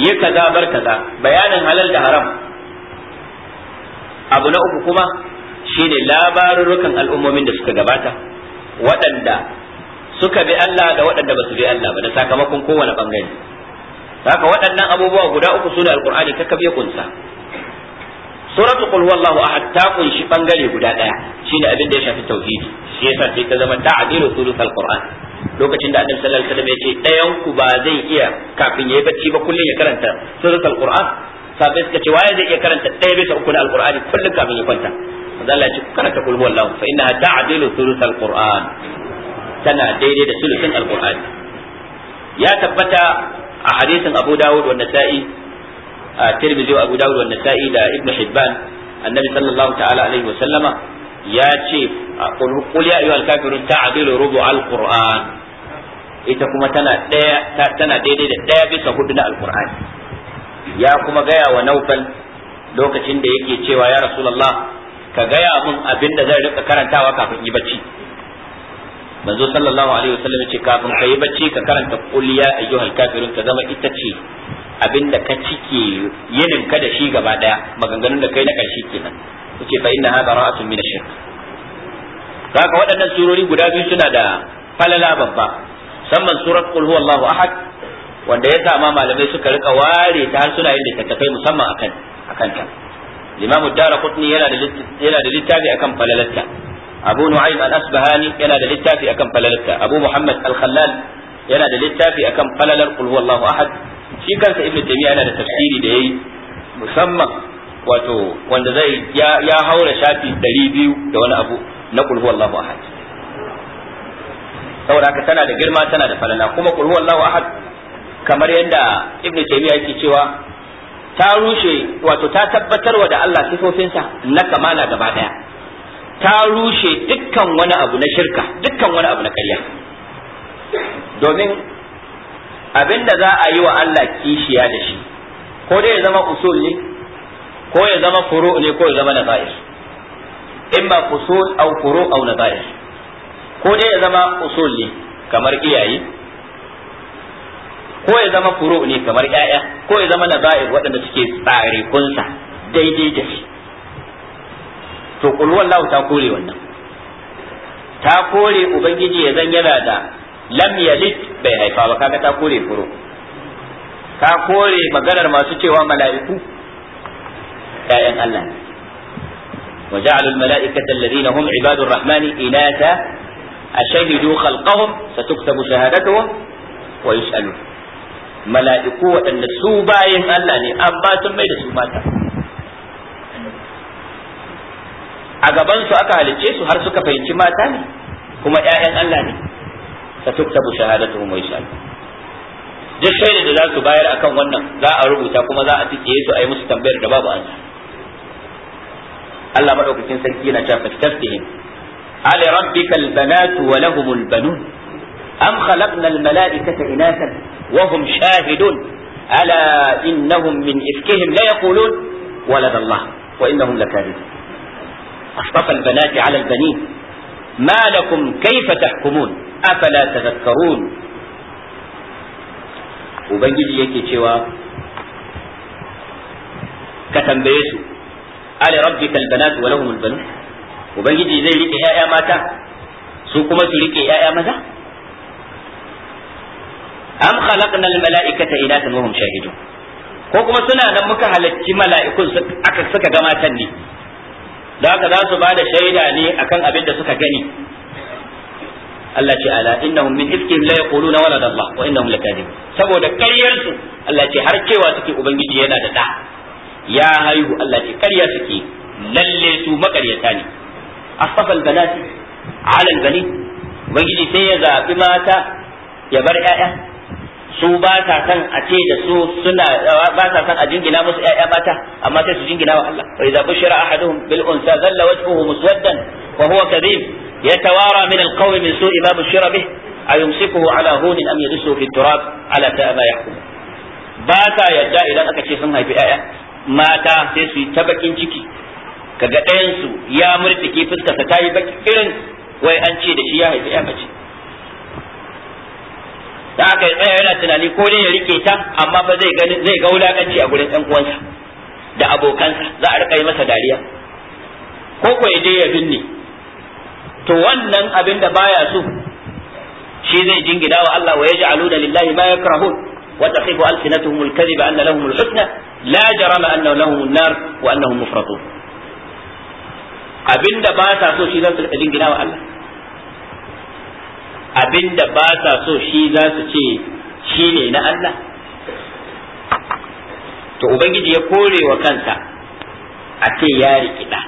yi kaza bar kaza bayanin halal da haram abu na uku kuma shine labarurrukan al'ummomin da suka gabata waɗanda suka bi Allah da waɗanda ba su bi Allah ba da sakamakon kowane bangare haka waɗannan abubuwa guda uku suna alkur'ani ya kunsa suratul qul huwallahu ahad ta kunshi bangare guda daya shine abin da ya shafi tauhidi shi yasa sai ta zama ta'dilu thuluthal qur'an lokacin da annabi sallallahu alaihi wasallam ya ce dayan ku ba zai iya kafin yayi bacci ba kullun ya karanta thuluthal qur'an sabai suka ce waye zai iya karanta daya bisa uku na alqur'ani kullun kafin ya kwanta manzo Allah ya ce karanta qul huwallahu fa tana daidai da thuluthin alqur'ani ya tabbata a hadisin Abu Dawud wa Nasa'i tirmidhi wa abu dawud wa nasa'i da ibn hibban annabi sallallahu ta'ala alaihi wa sallama ya ce qul ya ayyuhal kafirun ta'dilu al qur'an ita kuma tana daya tana daidai da daya bisa hudu na alqur'ani ya kuma gaya wa naufal lokacin da yake cewa ya rasulullah ka gaya mun abin da zai rika karantawa kafin yi bacci manzo sallallahu alaihi wasallam ce kafin ka yi bacci ka karanta qul ya ayyuhal kafirun ta zama ita ce Abin da ka cike yinin ka da shi gaba daya maganganun da kai na karshe kenan kuce fa inna hadha ra'atun min ash-shirk kaga waɗannan surori guda biyu suna da falala babba samman surat qul huwallahu ahad wanda ya sa ma malamai suka rika ware ta har suna yin littattafai musamman akan akan ta Imam Darqutni yana da yana da littafi akan falalatta Abu Nu'aym al-Asbahani yana da littafi akan falalatta Abu Muhammad al-Khallal yana da littafi akan falalar qul huwallahu ahad shi kansa ibnu taymiya yana da tafsiri da yayi musamman wato wanda zai ya haura shafi 200 da wani abu na qul huwallahu ahad saboda haka tana da girma tana da falala kuma qul huwallahu ahad kamar yadda ibnu taymiya yake cewa ta rushe wato ta tabbatarwa da Allah sifofinsa na kamala gaba daya ta rushe dukkan wani abu na shirka dukkan wani abu na ƙarya domin abinda za a yi wa Allah kishiya da shi ko dai ya zama usul ne ko ya zama furu ne ko ya zama nazair in ba usul au furu au nazair ko dai ya zama usul ne kamar iyaye ko ya zama furu ne kamar ƴaƴa ko ya zama nazair waɗanda suke tsare kunsa daidai da shi to kulwallahu ta kore wannan ta kore ubangiji ya zan yana da lam yalid bai haifa ba kaga ta kore furo ka kore maganar masu cewa mala'iku ƴaƴan Allah ne wa ja'alul mala'ikata alladhina hum ibadur rahmani inata ashhadu khalqahum satuktabu shahadatuhum wa yus'alun mala'iku wadanda su bayin Allah ne amma sun mai da su mata a gaban su aka halicce su har suka fahimci mata ne kuma ƴaƴan Allah ne فتكتب شهادتهم ويشهدون duk shaidar da za su bayar akan wannan za a rubuta kuma za a tike su a yi musu tambayar da babu ansa Allah madaukakin sarki yana cewa fastaftihim ali rabbika albanatu wa lahum albanun am khalaqna al malaikata wa hum shahidun ala innahum min ifkihim la yaqulun walad Allah wa innahum lakadib astafa albanati ala albanin ma lakum kayfa tahkumun afala tadhakkarun ubangiji yake cewa ka tambaye su ali rabbika albanat wa lahum albanun ubangiji zai rike yaya mata su kuma su rike yaya maza am khalaqna almalaikata inatan wa hum shahidun ko kuma suna nan muka halacci mala'ikun aka suka ga matan ne da haka za su ba da shaida ne akan abin da suka gani Allah ce ala innahum min ifkihim la yaquluna walad Allah wa innahum lakadibun saboda ƙaryar su Allah ce har cewa suke ubangiji yana da da ya haihu Allah ce ƙarya suke lalle su makaryata ne asfal banati ala albani ubangiji sai ya zabi mata ya bar ƴaƴa su ba ta san a ce da su suna ba ta san a jingina musu ƴaƴa mata amma sai su jingina wa Allah wa idza bushira ahaduhum bil unsa zalla wajhuhu muswaddan wa huwa kadhib يتوارى من القوم من سوء ما بشر به أيمسكه على هون أم يدسه في التراب على ساء ما يحكم باتا يدعي إذا أكتشي سنها في آية ماتا sai su yi ta أنسو يا kaga ɗayansu ya murtike fuskarsa ta yi baki irin wai an da ya haifi aka yi tsaya yana tunani ko dai ya rike ta amma ba zai gani zai ga wulakanci a gurin ɗan uwansa da abokansa za a rika yi masa dariya ko ko idai ya binne to wannan abin da baya so shi zai jingida wa Allah wa yaj'alu lillahi ma yakrahun wa taqifu alsinatuhum alkadhiba anna lahum alhusna la jarama anna lahum an-nar wa annahum mufratun abinda ba sa so shi za su jingida wa Allah abinda ba sa so shi za su ce shi ne na Allah to ubangiji ya kore wa kansa a ce ya rikida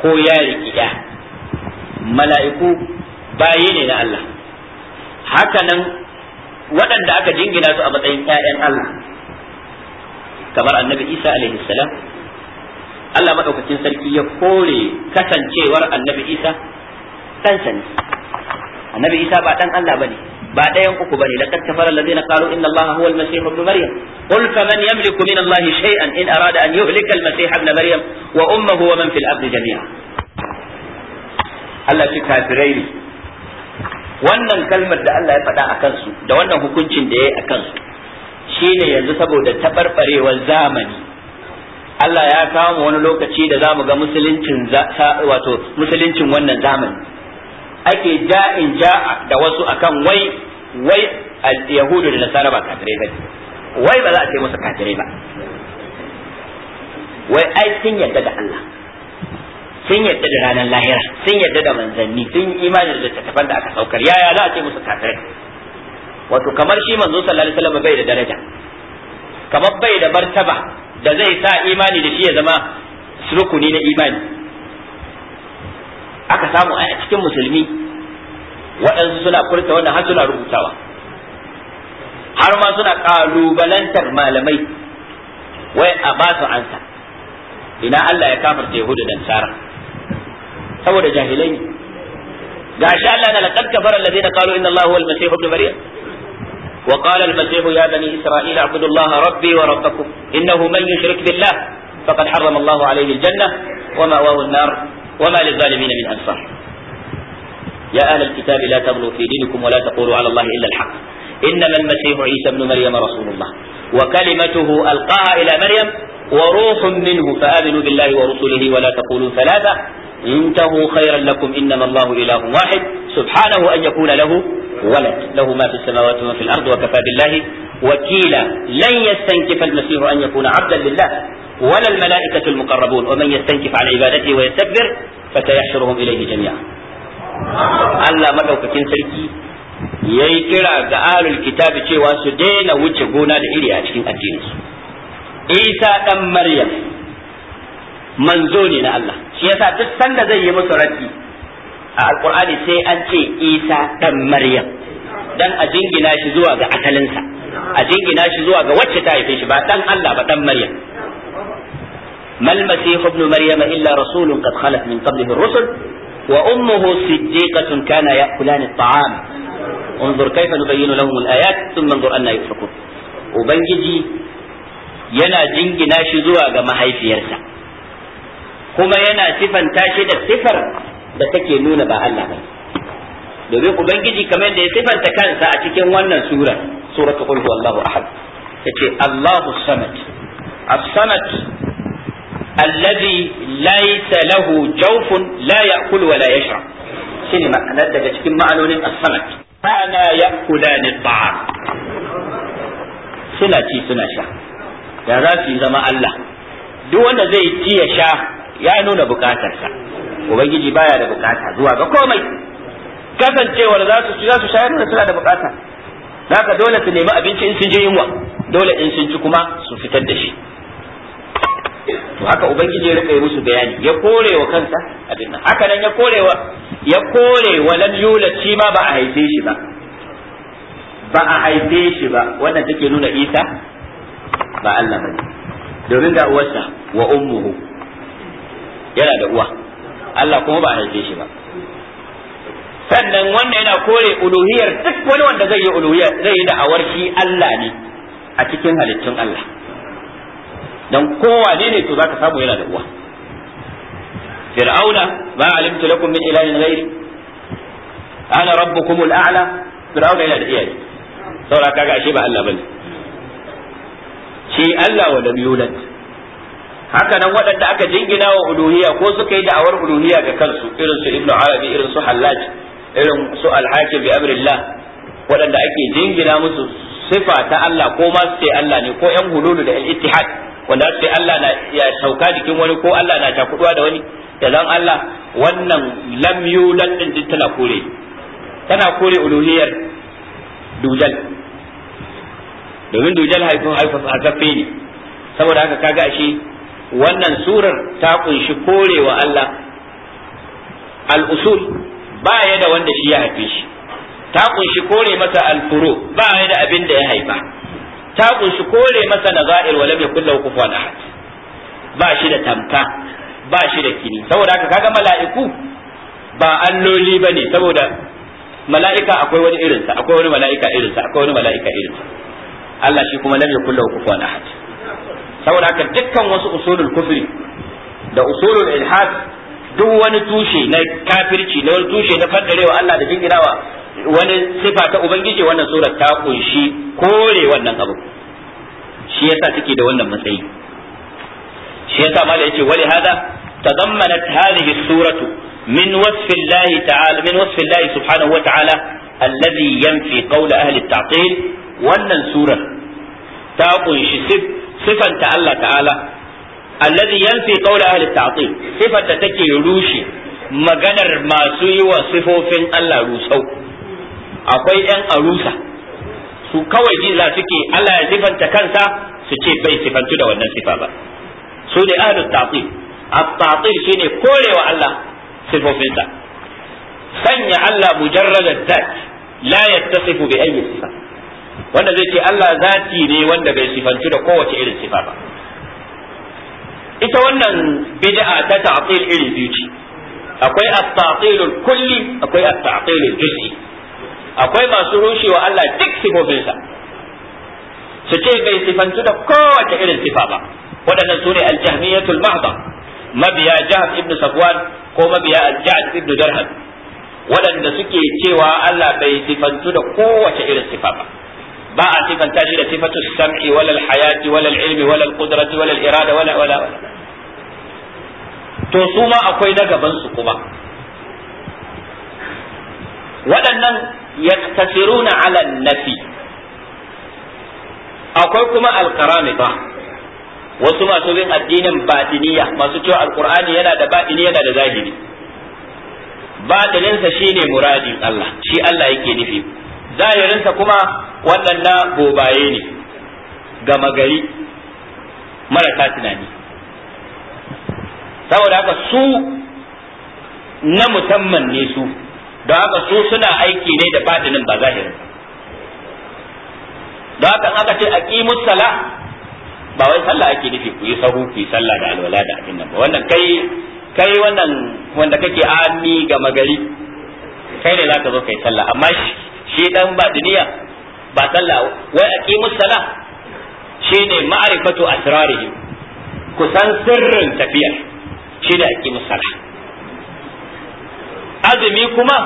ko ya rikida mala'iku baye ne na Allah hakanan waɗanda aka jingina su a matsayin 'ya'yan Allah kamar annabi Isa alaihi salam Allah maɗaukacin sarki ya kore kasancewar annabi Isa ɗansa ne annabi Isa ba ɗan Allah ba ne, ba ɗayan uku bane laqad kafara alladhina qalu inna Allah huwa al-masih ibn maryam qul faman yamliku min Allah shay'an in arada an yuhlika al-masih ibn maryam wa ummuhu wa man fil ardi jami'a Allah shi kafirai ne wannan kalmar da Allah ya faɗa a kansu da wannan hukuncin da ya yi a kansu shi ne yanzu saboda taɓarɓarewar zamani Allah ya kawo wani lokaci da za mu ga musuluncin wato musuluncin wannan zamani ake ja'in ja'a da wasu akan wai wai yahudu da nasara ba kafirai ba wai ba za a ce musu kafirai ba wai ai sun yarda da Allah sun yadda da ranar lahira sun yadda da manzanni sun imani da littattafan da aka saukar yaya za a ce musu kafirai wato kamar shi manzo sallallahu alaihi wasallam bai da daraja kamar bai da martaba da zai sa imani da shi ya zama rukuni na imani aka samu a cikin musulmi waɗansu suna furta wannan har suna rubutawa har ma suna ƙalubalantar malamai wai a ba su ansa ina Allah ya kafarta yahuda da Nasara saboda jahilai gashi Allah na laqad kafara alladhina qalu inna Allah huwal masih ibn maryam wa qala al masih ya bani isra'il a'budu Allah rabbi wa rabbakum innahu man yushrik billah faqad harrama Allah alayhi al janna wa ma'wahu an nar wa ma lil zalimin min ansar يا أهل الكتاب لا تغلوا في دينكم ولا تقولوا على الله إلا الحق إنما المسيح عيسى ابن مريم رسول الله وكلمته ألقاها إلى مريم وروح منه فآمنوا بالله ورسله ولا تقولوا ثلاثة انتهوا خيرا لكم إنما الله إله واحد سبحانه أن يكون له ولد له ما في السماوات وما في الأرض وكفى بالله وكيلا لن يستنكف المسيح أن يكون عبدا لله ولا الملائكة المقربون ومن يستنكف عن عبادته ويستكبر فسيحشرهم إليه جميعا الله madaukakin sarki ya yi kira ga alul kitabi cewa su daina wuce gona da iri a مريم manzo ne na Allah shi yasa duk sanda zai yi musu raddi a alqur'ani sai an ce Isa dan Maryam dan a jingina shi zuwa ga asalinsa a jingina shi zuwa ga wacce ta haife shi ba dan Allah ba dan Maryam ما المسيح ابن مريم إلا رسول قد خلت من قبله الرسل وأمه صديقة كان يأكلان الطعام انظر كيف نبين لهم الآيات ثم انظر أن يؤفكون وبنجي yana jingina shi zuwa ga mahaifiyarsa kuma yana sifanta shi da sifar da take nuna ba Allah ba domin ubangiji kamar da ya sifanta kansa a cikin wannan sura suratul qul huwallahu ahad yace Allahu samad as-samad alladhi laysa lahu jawfun la ya'kul wa la yashrab shine ma'anar daga cikin ma'anonin as-samad ma'ana ya'kulani at-ta'am suna ci suna sha da za su zama Allah duk wanda zai ci ya sha ya nuna bukatarsa ubangiji baya da bukata zuwa ga komai kasancewar za su za su sha nuna suna da bukata haka dole su nemi abinci in sun je yunwa dole in sun ci kuma su fitar da shi to haka ubangiji ya rika musu bayani ya kore wa kansa abin nan haka nan ya kore wa ya kore wa lan yula shi ma ba a haife shi ba ba a haife shi ba wannan take nuna Isa ba Allah bane domin ga uwarsa wa ummuhu yana da uwa Allah kuma ba haife shi ba sannan wanda yana kore uluhiyar duk wani wanda zai yi uluhiyar zai yi da'awar shi Allah ne a cikin halittun Allah Don kowa ne ne to ka samu yana da uwa fir'auna ma alimtu lakum min ilahin ghairi ana rabbukumul a'la fir'auna yana da iyaye saboda kaga ashe ba Allah bane shi Allah wa lam yulad haka nan waɗanda aka jingina wa uluhiyya ko suka yi da'awar uluhiyya ga kansu irin su ibnu arabi irin su hallaj irin su al bi amrillah waɗanda ake jingina musu sifa ta Allah ko ma su ce Allah ne ko yan hululu da al-ittihad wanda su ce Allah na ya sauka jikin wani ko Allah na takuduwa da wani da zan Allah wannan lam yulad din tana kore tana kore uluhiyyar dujal domin dujal haifin haifin agaffe ne saboda haka kaga ashe wannan surar ta kunshi korewa Allah al-usul ba ya da wanda shi ya haife shi ta kunshi kore masa al-furu ba ya da abin da ya haifa ta kunshi kore masa nazair wa lam yakul lahu kufuwan ahad ba shi da tamka ba shi da kini saboda haka kaga mala'iku ba alloli bane saboda mala'ika akwai wani irinsa akwai wani mala'ika irinsa akwai wani mala'ika irinsa Allah shi kuma lam yakul lahu kufuwan ahad saboda haka dukkan wasu usulul kufri da usulul ilhad duk wani tushe na kafirci da wani tushe na faddarewa Allah da jingirawa wani sifa ta ubangiji wannan surar ta kunshi kore wannan abu shi yasa take da wannan matsayi shi yasa mala yace wali hada tadammanat hadhihi suratu min wasfi Allah ta'ala min wasfi Allah subhanahu wa ta'ala alladhi yanfi qawla ahli at-ta'til wannan surar ta kunshi sifanta Allah ta'ala alladhi yanfi qawla ahli ta'til sifanta da take rushe maganar masu yi wa sifofin Allah rusau akwai yan arusa su kawai ji za suke Allah ya sifanta kansa su ce bai sifantu da wannan sifa ba su ne ahli ta'til at-ta'til shine korewa Allah sifofinsa sanya Allah mujarradad dat la yattasifu bi ayyi wanda zai ce Allah zati ne wanda bai sifantu da kowace irin sifa ba ita wannan bid'a ta ta'til iri biyu ce akwai at-ta'til kulli akwai at-ta'til juz'i akwai masu rushewa Allah duk sifofinsa su ce bai sifantu da kowace irin sifa ba waɗannan su ne al-jahmiyatul mahdha mabiya jahab ibn safwan ko mabiya al-ja'd ibn darham waɗanda suke cewa Allah bai sifantu da kowace irin sifa ba ba a sifanta shi da sifatu sam'i wala hayati wala ilmi wala qudrati wala irada wala wala to su ma akwai na gaban su kuma waɗannan yaktasiruna ala nafi akwai kuma alqaramita wasu masu bin addinin batiniya masu cewa alqur'ani yana da batini yana da zahiri batininsa shine muradin Allah shi Allah yake nufi zahirinsa kuma waɗanda gobaye ne gama gari marasa tunani saboda haka su na musamman ne su don haka su suna aiki ne da fadinin ba zahirin don haka aka ce aqimus sala ba wai sallah ake nufi ku yi sahu ku yi sallah da alwala da abin nan ba wannan kai kai wannan wanda kake ami ga magari kai ne zaka zo kai sallah amma shi dan duniya. ba sallah wai aqimus salah shine ma'rifatu asrarihim ku san sirrin tafiyar shine aqimus salah azumi kuma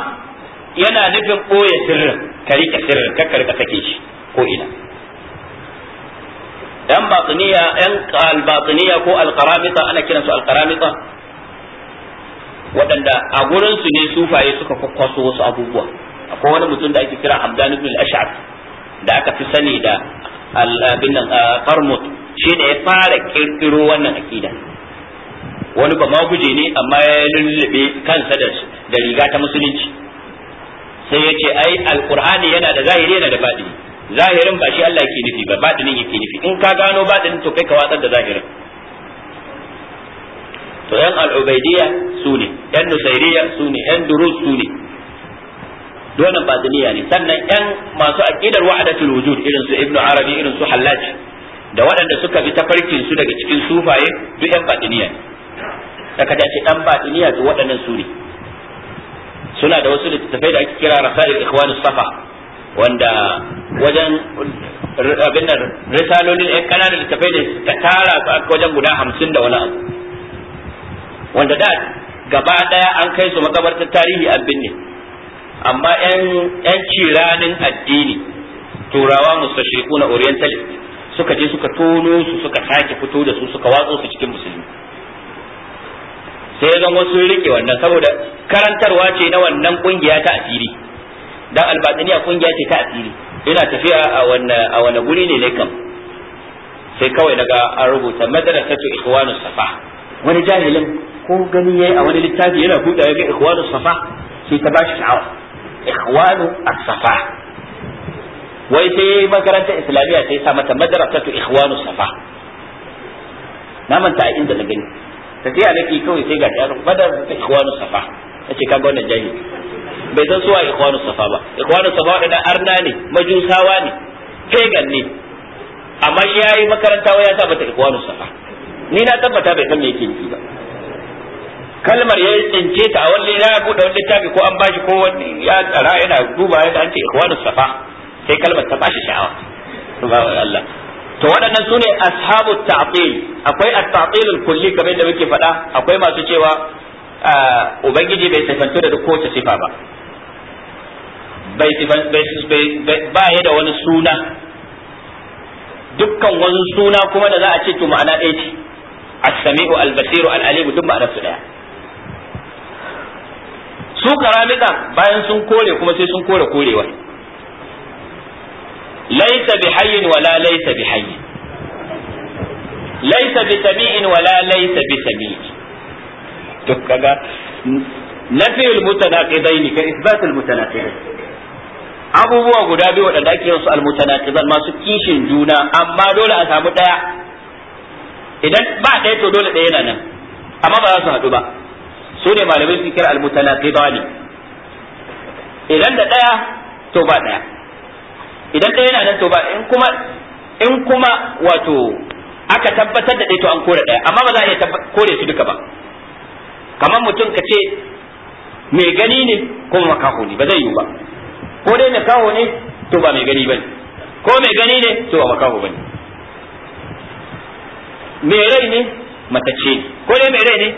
yana nufin ɓoye sirrin ka rike sirrin kakka rika take shi ko ina yan batiniya yan albatiniya ko alqaramita ana kiransu alqaramita waɗanda a gurin su ne sufaye suka kwakwaso wasu abubuwa akwai wani mutum da ake kira Hamdan ibn al da aka fi sani da abin qarmut shi da ya fara kirkiro wannan akida wani ba maguje ne amma ya lullube kansa da riga ta musulunci sai ya ce ai alkur'ani yana da zahiri yana da batini zahirin ba shi Allah yake nufi ba batinin yake nufi in ka gano batinin to kai ka watsar da zahirin to yan al'ubaidiyya su ne yan nusairiyya su ne yan durus su ne wannan batiniya ne sannan yan masu aqidar wahdatul wujud irin su ibnu arabi irin su hallaj da waɗanda suka bi tafarkin su daga cikin sufaye duk yan batiniya ne daga dace dan batiniya to waɗannan su ne suna da wasu littattafai da ake kira rasalul ikhwan safa wanda wajen abin da risalolin yan kananan littattafai da ta tara wajen guda hamsin da wani abu wanda da gaba daya an kai su makabartar tarihi an binne amma yan ciranin addini turawa mustashriku na orientalist suka je suka tono su suka sake fito da su suka watso su cikin musulmi sai zan wasu rike wannan saboda karantarwa ce na wannan kungiya ta asiri dan albadiniya kungiya ce ta asiri ina tafiya a wannan a wani guri ne ne kam sai kawai daga an rubuta madrasatu ikhwanu safa wani jahilin ko gani yayi a wani littafi yana buɗa ga ikhwanu safa sai ta bashi sha'awa ikhwanu as-safa wai sai makarantar islamiyya sai sa mata madrasatu ikhwanu safa na manta inda na gani sai ga ikhwanu safa kaga wannan bai san suwa ikhwanu safa ba ikhwanu safa wadannan arna ne majusawa ne pagan ne amma yayi na tabbata bai san me yake ba kalmar ya tsince ta a wani ya buɗe wani littafi ko an bashi ko wani ya tsara yana duba yadda an ce ikhwanus safa sai kalmar ta bashi sha'awa subhanahu Allah to waɗannan sune ashabu ta'til akwai at-ta'til kulli kamar yadda muke faɗa akwai masu cewa ubangiji bai sifantu da duk kowace sifa ba bai ba ya da wani suna dukkan wani suna kuma da za a ce to ma'ana ɗaya ce as-sami'u al-basiru al alim duk ma'ana su ɗaya su karamikan bayan sun kore kuma sai sun kore korewa. laisa bi hayyin wala laisa bi hayyin laisa bi tabi'in wala laisa bi tabi'in to kaga nafi almutanaqidaini ka isbat almutanaqidain abubuwa guda biyu wadanda ake yin su almutanaqidan masu kishin juna amma dole a samu daya idan ba daya to dole daya yana nan amma ba za su haɗu ba su ne malamai su kira almutanaqidani idan da daya to ba daya idan daya yana nan to ba in kuma in kuma wato aka tabbatar da dai to an kore daya amma ba za a iya kore su duka ba kamar mutum ka ce mai gani ne ko makaho ne ba zai yiwu ba ko dai makaho ne to ba mai gani ba ne, ko mai gani ne to ba makaho ne mai rai ne matacce ne ko dai mai rai ne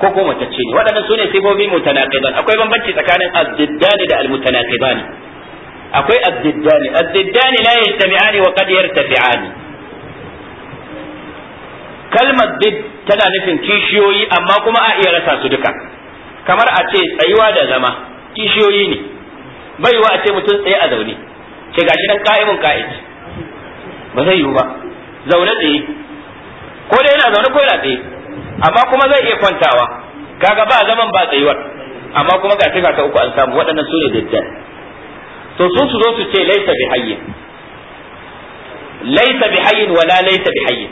ko ko ce ne waɗannan sune sifofi mutanaqidan akwai bambanci tsakanin az-ziddani da almutanaqidani akwai az-ziddani la yajtami'ani wa qad yartafi'ani kalmar did tana nufin kishiyoyi amma kuma a iya rasa su duka kamar a ce tsayuwa da zama kishiyoyi ne baiwa a ce mutum tsaye a zaune ce gashi nan ka'imun ka'id ba zai yiwu ba zaune tsaye ko dai yana zaune ko yana tsaye amma kuma zai iya kwantawa kaga ba zaman ba tsayuwar amma kuma ga tuka ta uku an samu waɗannan su ne dajjal to su su zo su ce laisa bi hayyin laisa bi hayyin wala laisa bi hayyin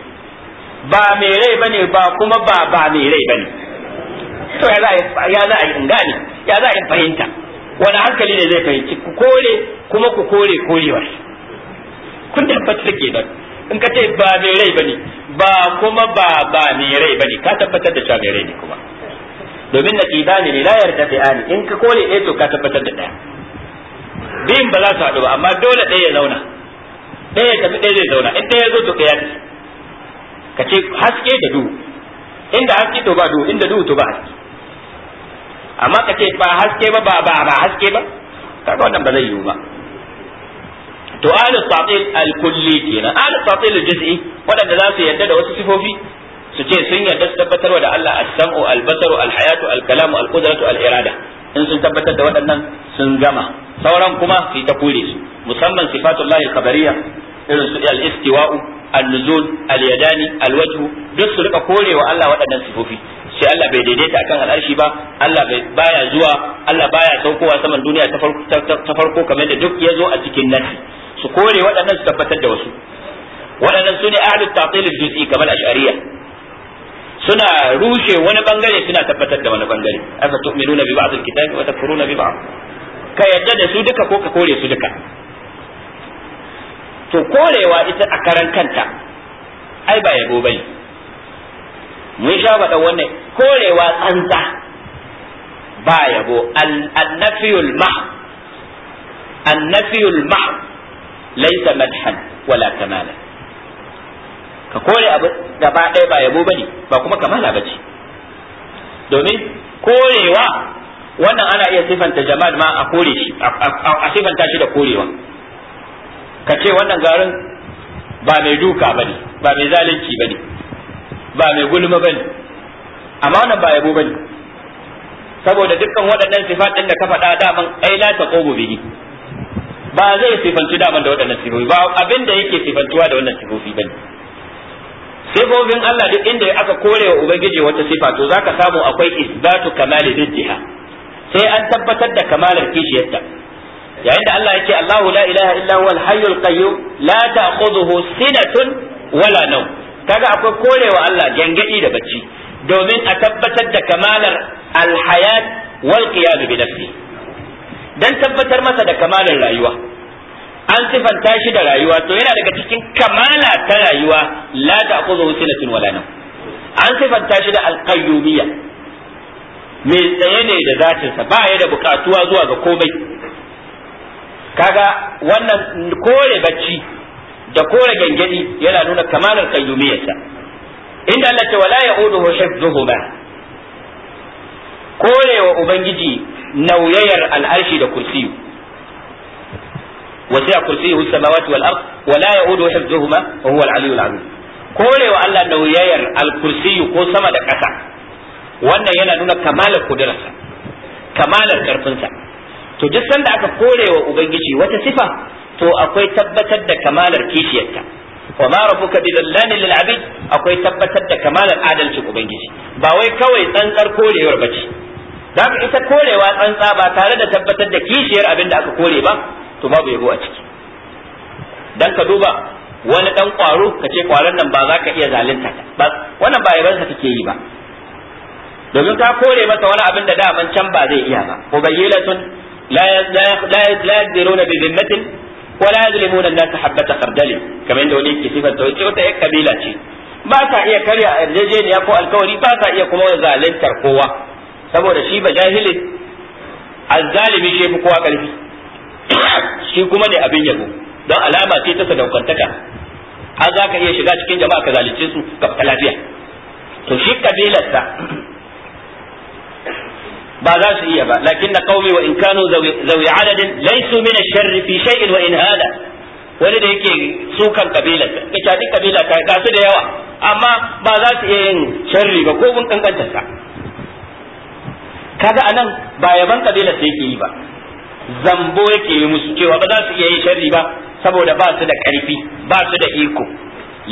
ba mai rai bane ba kuma ba ba mai rai bane to ya za ya za a yi ya za a fahimta wani hankali ne zai fahimci ku kore kuma ku kore korewar kun tabbatar kenan in ka ce ba mai rai ne ba kuma ba ba mai rai ne ka tabbatar da cewa mai rai ne kuma domin na kidani ne layar ta fi ani in ka kore ɗaya to ka tabbatar da ɗaya biyun ba za su haɗu ba amma dole ɗaya ya zauna ɗaya ya tafi ɗaya zai zauna in ɗaya ya zo to ɗaya ne ka ce haske da duhu inda haske to ba duhu inda duhu to ba haske amma ka ce ba haske ba ba ba haske ba kaga wannan ba zai yiwu ba to ahli tatil al kulli kenan ahli tatil al juz'i wadanda za su yarda da wasu sifofi su ce sun yarda su tabbatarwa da Allah as-sam'u al-basaru al-hayatu al-kalamu al-qudratu al-irada in sun tabbatar da waɗannan sun gama sauran kuma su ta kure su musamman sifatullahi al-khabariyya irin su al-istiwa'u al-nuzul al-yadani al-wajhu duk su rika korewa Allah waɗannan sifofi sai Allah bai daidaita akan al'arshi ba Allah bai baya zuwa Allah baya saukowa saman duniya ta farko kamar da duk ya zo a cikin nasi su kore waɗannan su tabbatar da wasu waɗannan su ne ahlut ta'til juz'i kamar ash'ariyya suna rushe wani bangare suna tabbatar da wani bangare afa tu'minuna bi ba'd al-kitab wa takfuruna bi ba'd ka yadda da su duka ko ka kore su duka to korewa ita a karan kanta ai ba yabo bane mun sha faɗa wannan korewa tsantsa ba yabo annafiyul mah annafiyul ma. laisa madhan wala kamala ka kore abu gaba ɗaya ba yabo bane ba kuma kamala bace domin korewa wannan ana iya sifanta jama'ar ma a kore shi a sifanta shi da korewa ka ce wannan garin ba mai duka bane ba mai zalunci bane ba mai gulma bane amma wannan ba yabo bane saboda dukkan waɗannan sifatin da ka faɗa daman ai la taqubu bihi ba zai sifantu daman da waɗannan sifofi ba abin da yake sifantuwa da wannan sifofi bane sifofin Allah duk inda aka kore wa ubangiji wata sifa to zaka samu akwai isbatu kamali diddiha sai an tabbatar da kamalar kishiyarta yayin da Allah yake Allahu la ilaha illa huwal hayyul qayyum la ta'khudhuhu sinatun wala nawm kaga akwai korewa Allah gangadi da bacci domin a tabbatar da kamalar alhayat wal qiyam bi nafsi Don tabbatar masa da kamalar rayuwa an sifanta shi da rayuwa to yana daga cikin kamala ta rayuwa la ta'khudhuhu sinatun wala nan an sifanta shi da alqayyumiyya mai tsaye ne da zatinsa ba ya da bukatuwa zuwa ga komai kaga wannan kore bacci da kore gangadi yana nuna kamalar qayyumiyyarsa inda Allah ta wala ya'uduhu shadduhuma kore wa ubangiji nauyayar al'arshi da kursiyu Wasu wasi'a kursiyuhu samawati wal ard wa la ya'udu hifdhuhuma wa huwa al-aliyyul azim korewa Allah nauyayar al-kursiyu ko sama da ƙasa wannan yana nuna kamalar kudurarsa kamalar karfinsa to duk sanda aka korewa ubangiji wata sifa to akwai tabbatar da kamalar kishiyarta wa ma rabbuka bidallanin lil abid akwai tabbatar da kamalar adalcin ubangiji ba wai kawai tsantsar korewar bace da ita korewa tsantsa ba tare da tabbatar da kishiyar abin da aka kore ba to babu yabo a ciki dan ka duba wani dan kwaro ka ce kwaron nan ba za ka iya zalunta ba wannan ba yaban sa take yi ba domin ka kore masa wani abin da daman can ba zai iya ba ko bayyilatun la la la yadiruna bi dhimmatin wa la yadlimuna an-nas habata qardali kamar yadda wani yake sifar ta wata kabila ce ba ta iya karya yarjejeniya ko alkawari ba ta iya kuma zaluntar kowa saboda shi ba jahili azzalimi shi fi kowa karfi shi kuma ne abin yabo don alama ce ta sadaukantaka a za ka iya shiga cikin jama'a ka zalunce su ka fita lafiya to shi kabilarsa ba za su iya ba lakin na qaumi wa in kanu zawi adadin laisu mina sharri fi shay'in wa in hada wani da yake sukan kabilar ka kabila ka su da yawa amma ba za su iya yin sharri ba ko mun kankanta kaga anan ba yaban kabila sai yake yi ba zambo yake yi musu cewa ba za su iya yin sharri ba saboda ba su da karfi ba su da iko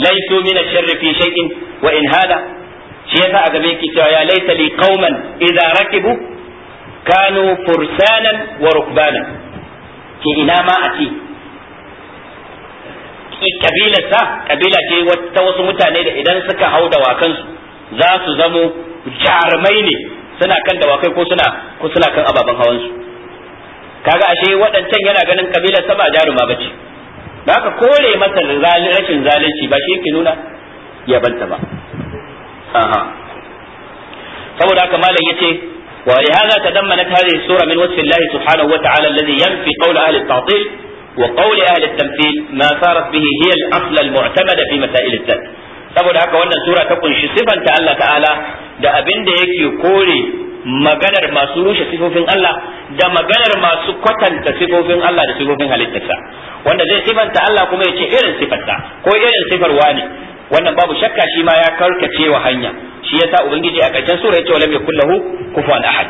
laisu min sharri fi shay'in wa in hada shi yasa a gabe yake cewa ya laita li qauman idza rakibu kanu fursanan wa rukbanan ke ina ma a ce kabila sa kabila ce ta wasu mutane da idan suka hau da wakansu za su zamo jarumai ne suna kan dawakai ko suna ko suna kan ababen hawan su kaga ashe waɗancan yana ganin kabilar ba jaruma bace da haka kore masa rashin zalunci ba shi yake nuna ya banta ba aha saboda haka malam yace wa li hadha tadammanat hadhihi sura min wajhi Allah subhanahu wa ta'ala alladhi yanfi qawl ahli at-ta'til wa qawl ahli at-tamthil ma sarat bihi hiya al al fi masail al saboda haka wannan sura ta kunshi sifanta Allah ta'ala da abin da yake kore maganar masu rushe sifofin Allah da maganar masu kwatanta sifofin Allah da sifofin halittarsa wanda zai sifanta Allah kuma ya ce irin sifarsa ko irin sifar wani wannan babu shakka shi ma ya karkace wa hanya shi yasa ubangiji a ƙarshen sura ya ce walam yakul lahu kufuwan ahad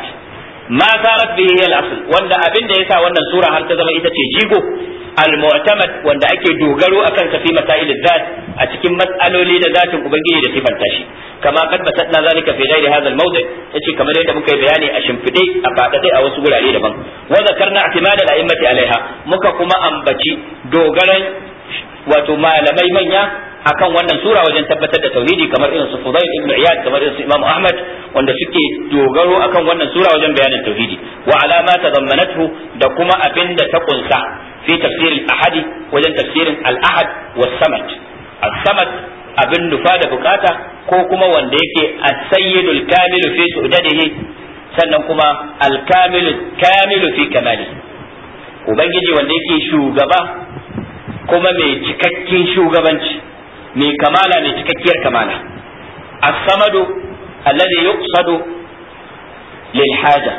ma sarat bihi al asl wanda abin da yasa wannan sura har ta zama ita ce jigo al mu'tamad wanda ake dogaro akan sa fi masail zat a cikin mas'aloli da zatin ubangiji da sifanta shi kama kad batatna zalika fi ghairi hadha al mawdi yace kamar yadda muka yi bayani a shimfide a fadade a wasu gurare daban wa zakarna i'timad al a'immati alaiha muka kuma ambaci dogaran wato malamai manya akan wannan sura wajen tabbatar da tauhidi kamar irin su Fudayl ibn Iyad kamar irin su Imam Ahmad wanda suke dogaro akan wannan sura wajen bayanin tauhidi wa alama tadammanathu da kuma abinda ta kunsa fi tafsir ahadi wajen tafsirin al-ahad was-samad as-samad abin nufa da bukata ko kuma wanda yake as-sayyidul kamilu fi su'dadihi sannan kuma al-kamilu kamilu fi kamali ubangiji wanda yake shugaba kuma mai cikakken shugabanci mai kamala mai cikakkiyar kamala as-samadu alladhi yuqsadu lil haja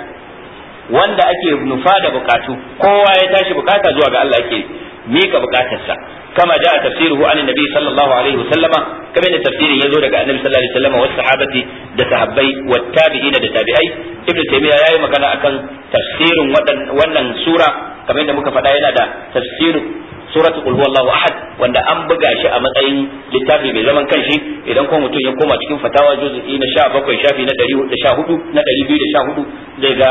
wanda ake nufa da bukatu kowa ya tashi bukata zuwa ga Allah yake mika bukatarsa kama ja tafsiruhu an nAbi sallallahu alaihi wasallama kamar da tafsirin yazo daga annabi sallallahu alaihi wasallama wasu sahabati da sahabbai wa tabi'ina da tabi'ai ibnu taymiya yayi magana akan tafsirin wannan sura kamar da muka faɗa yana da tafsirin suratu qul huwallahu ahad wanda an buga shi a matsayin littafi mai zaman kanshi idan kuma mutum ya koma cikin fatawa juz'i na 17 shafi na 414 na 214 zai ga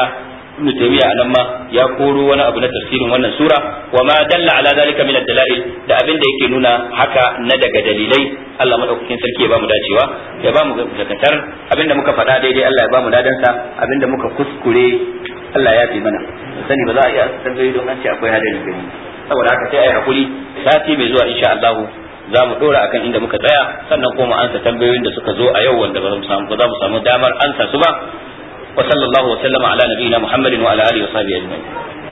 ibn taymiya anan ma ya koro wani abu na tafsirin wannan sura wa ma dalla ala zalika min ad-dalail da abin da yake nuna haka na daga dalilai Allah madaukakin sarki ya bamu dacewa ya bamu zakatar abin da muka faɗa daidai Allah ya bamu dadan sa abin da muka kuskure Allah ya fi mana sani ba za a iya tambayi don an ce akwai hadari gani saboda haka sai a yi hakuri sati mai zuwa insha Allah za mu dora akan inda muka tsaya sannan kuma ansa tambayoyin da suka zo a yau wanda ba za mu samu damar ansa su ba wa sallallahu wa sallama ala nabiyina muhammadin wa ala alihi wa sahbihi ajma'in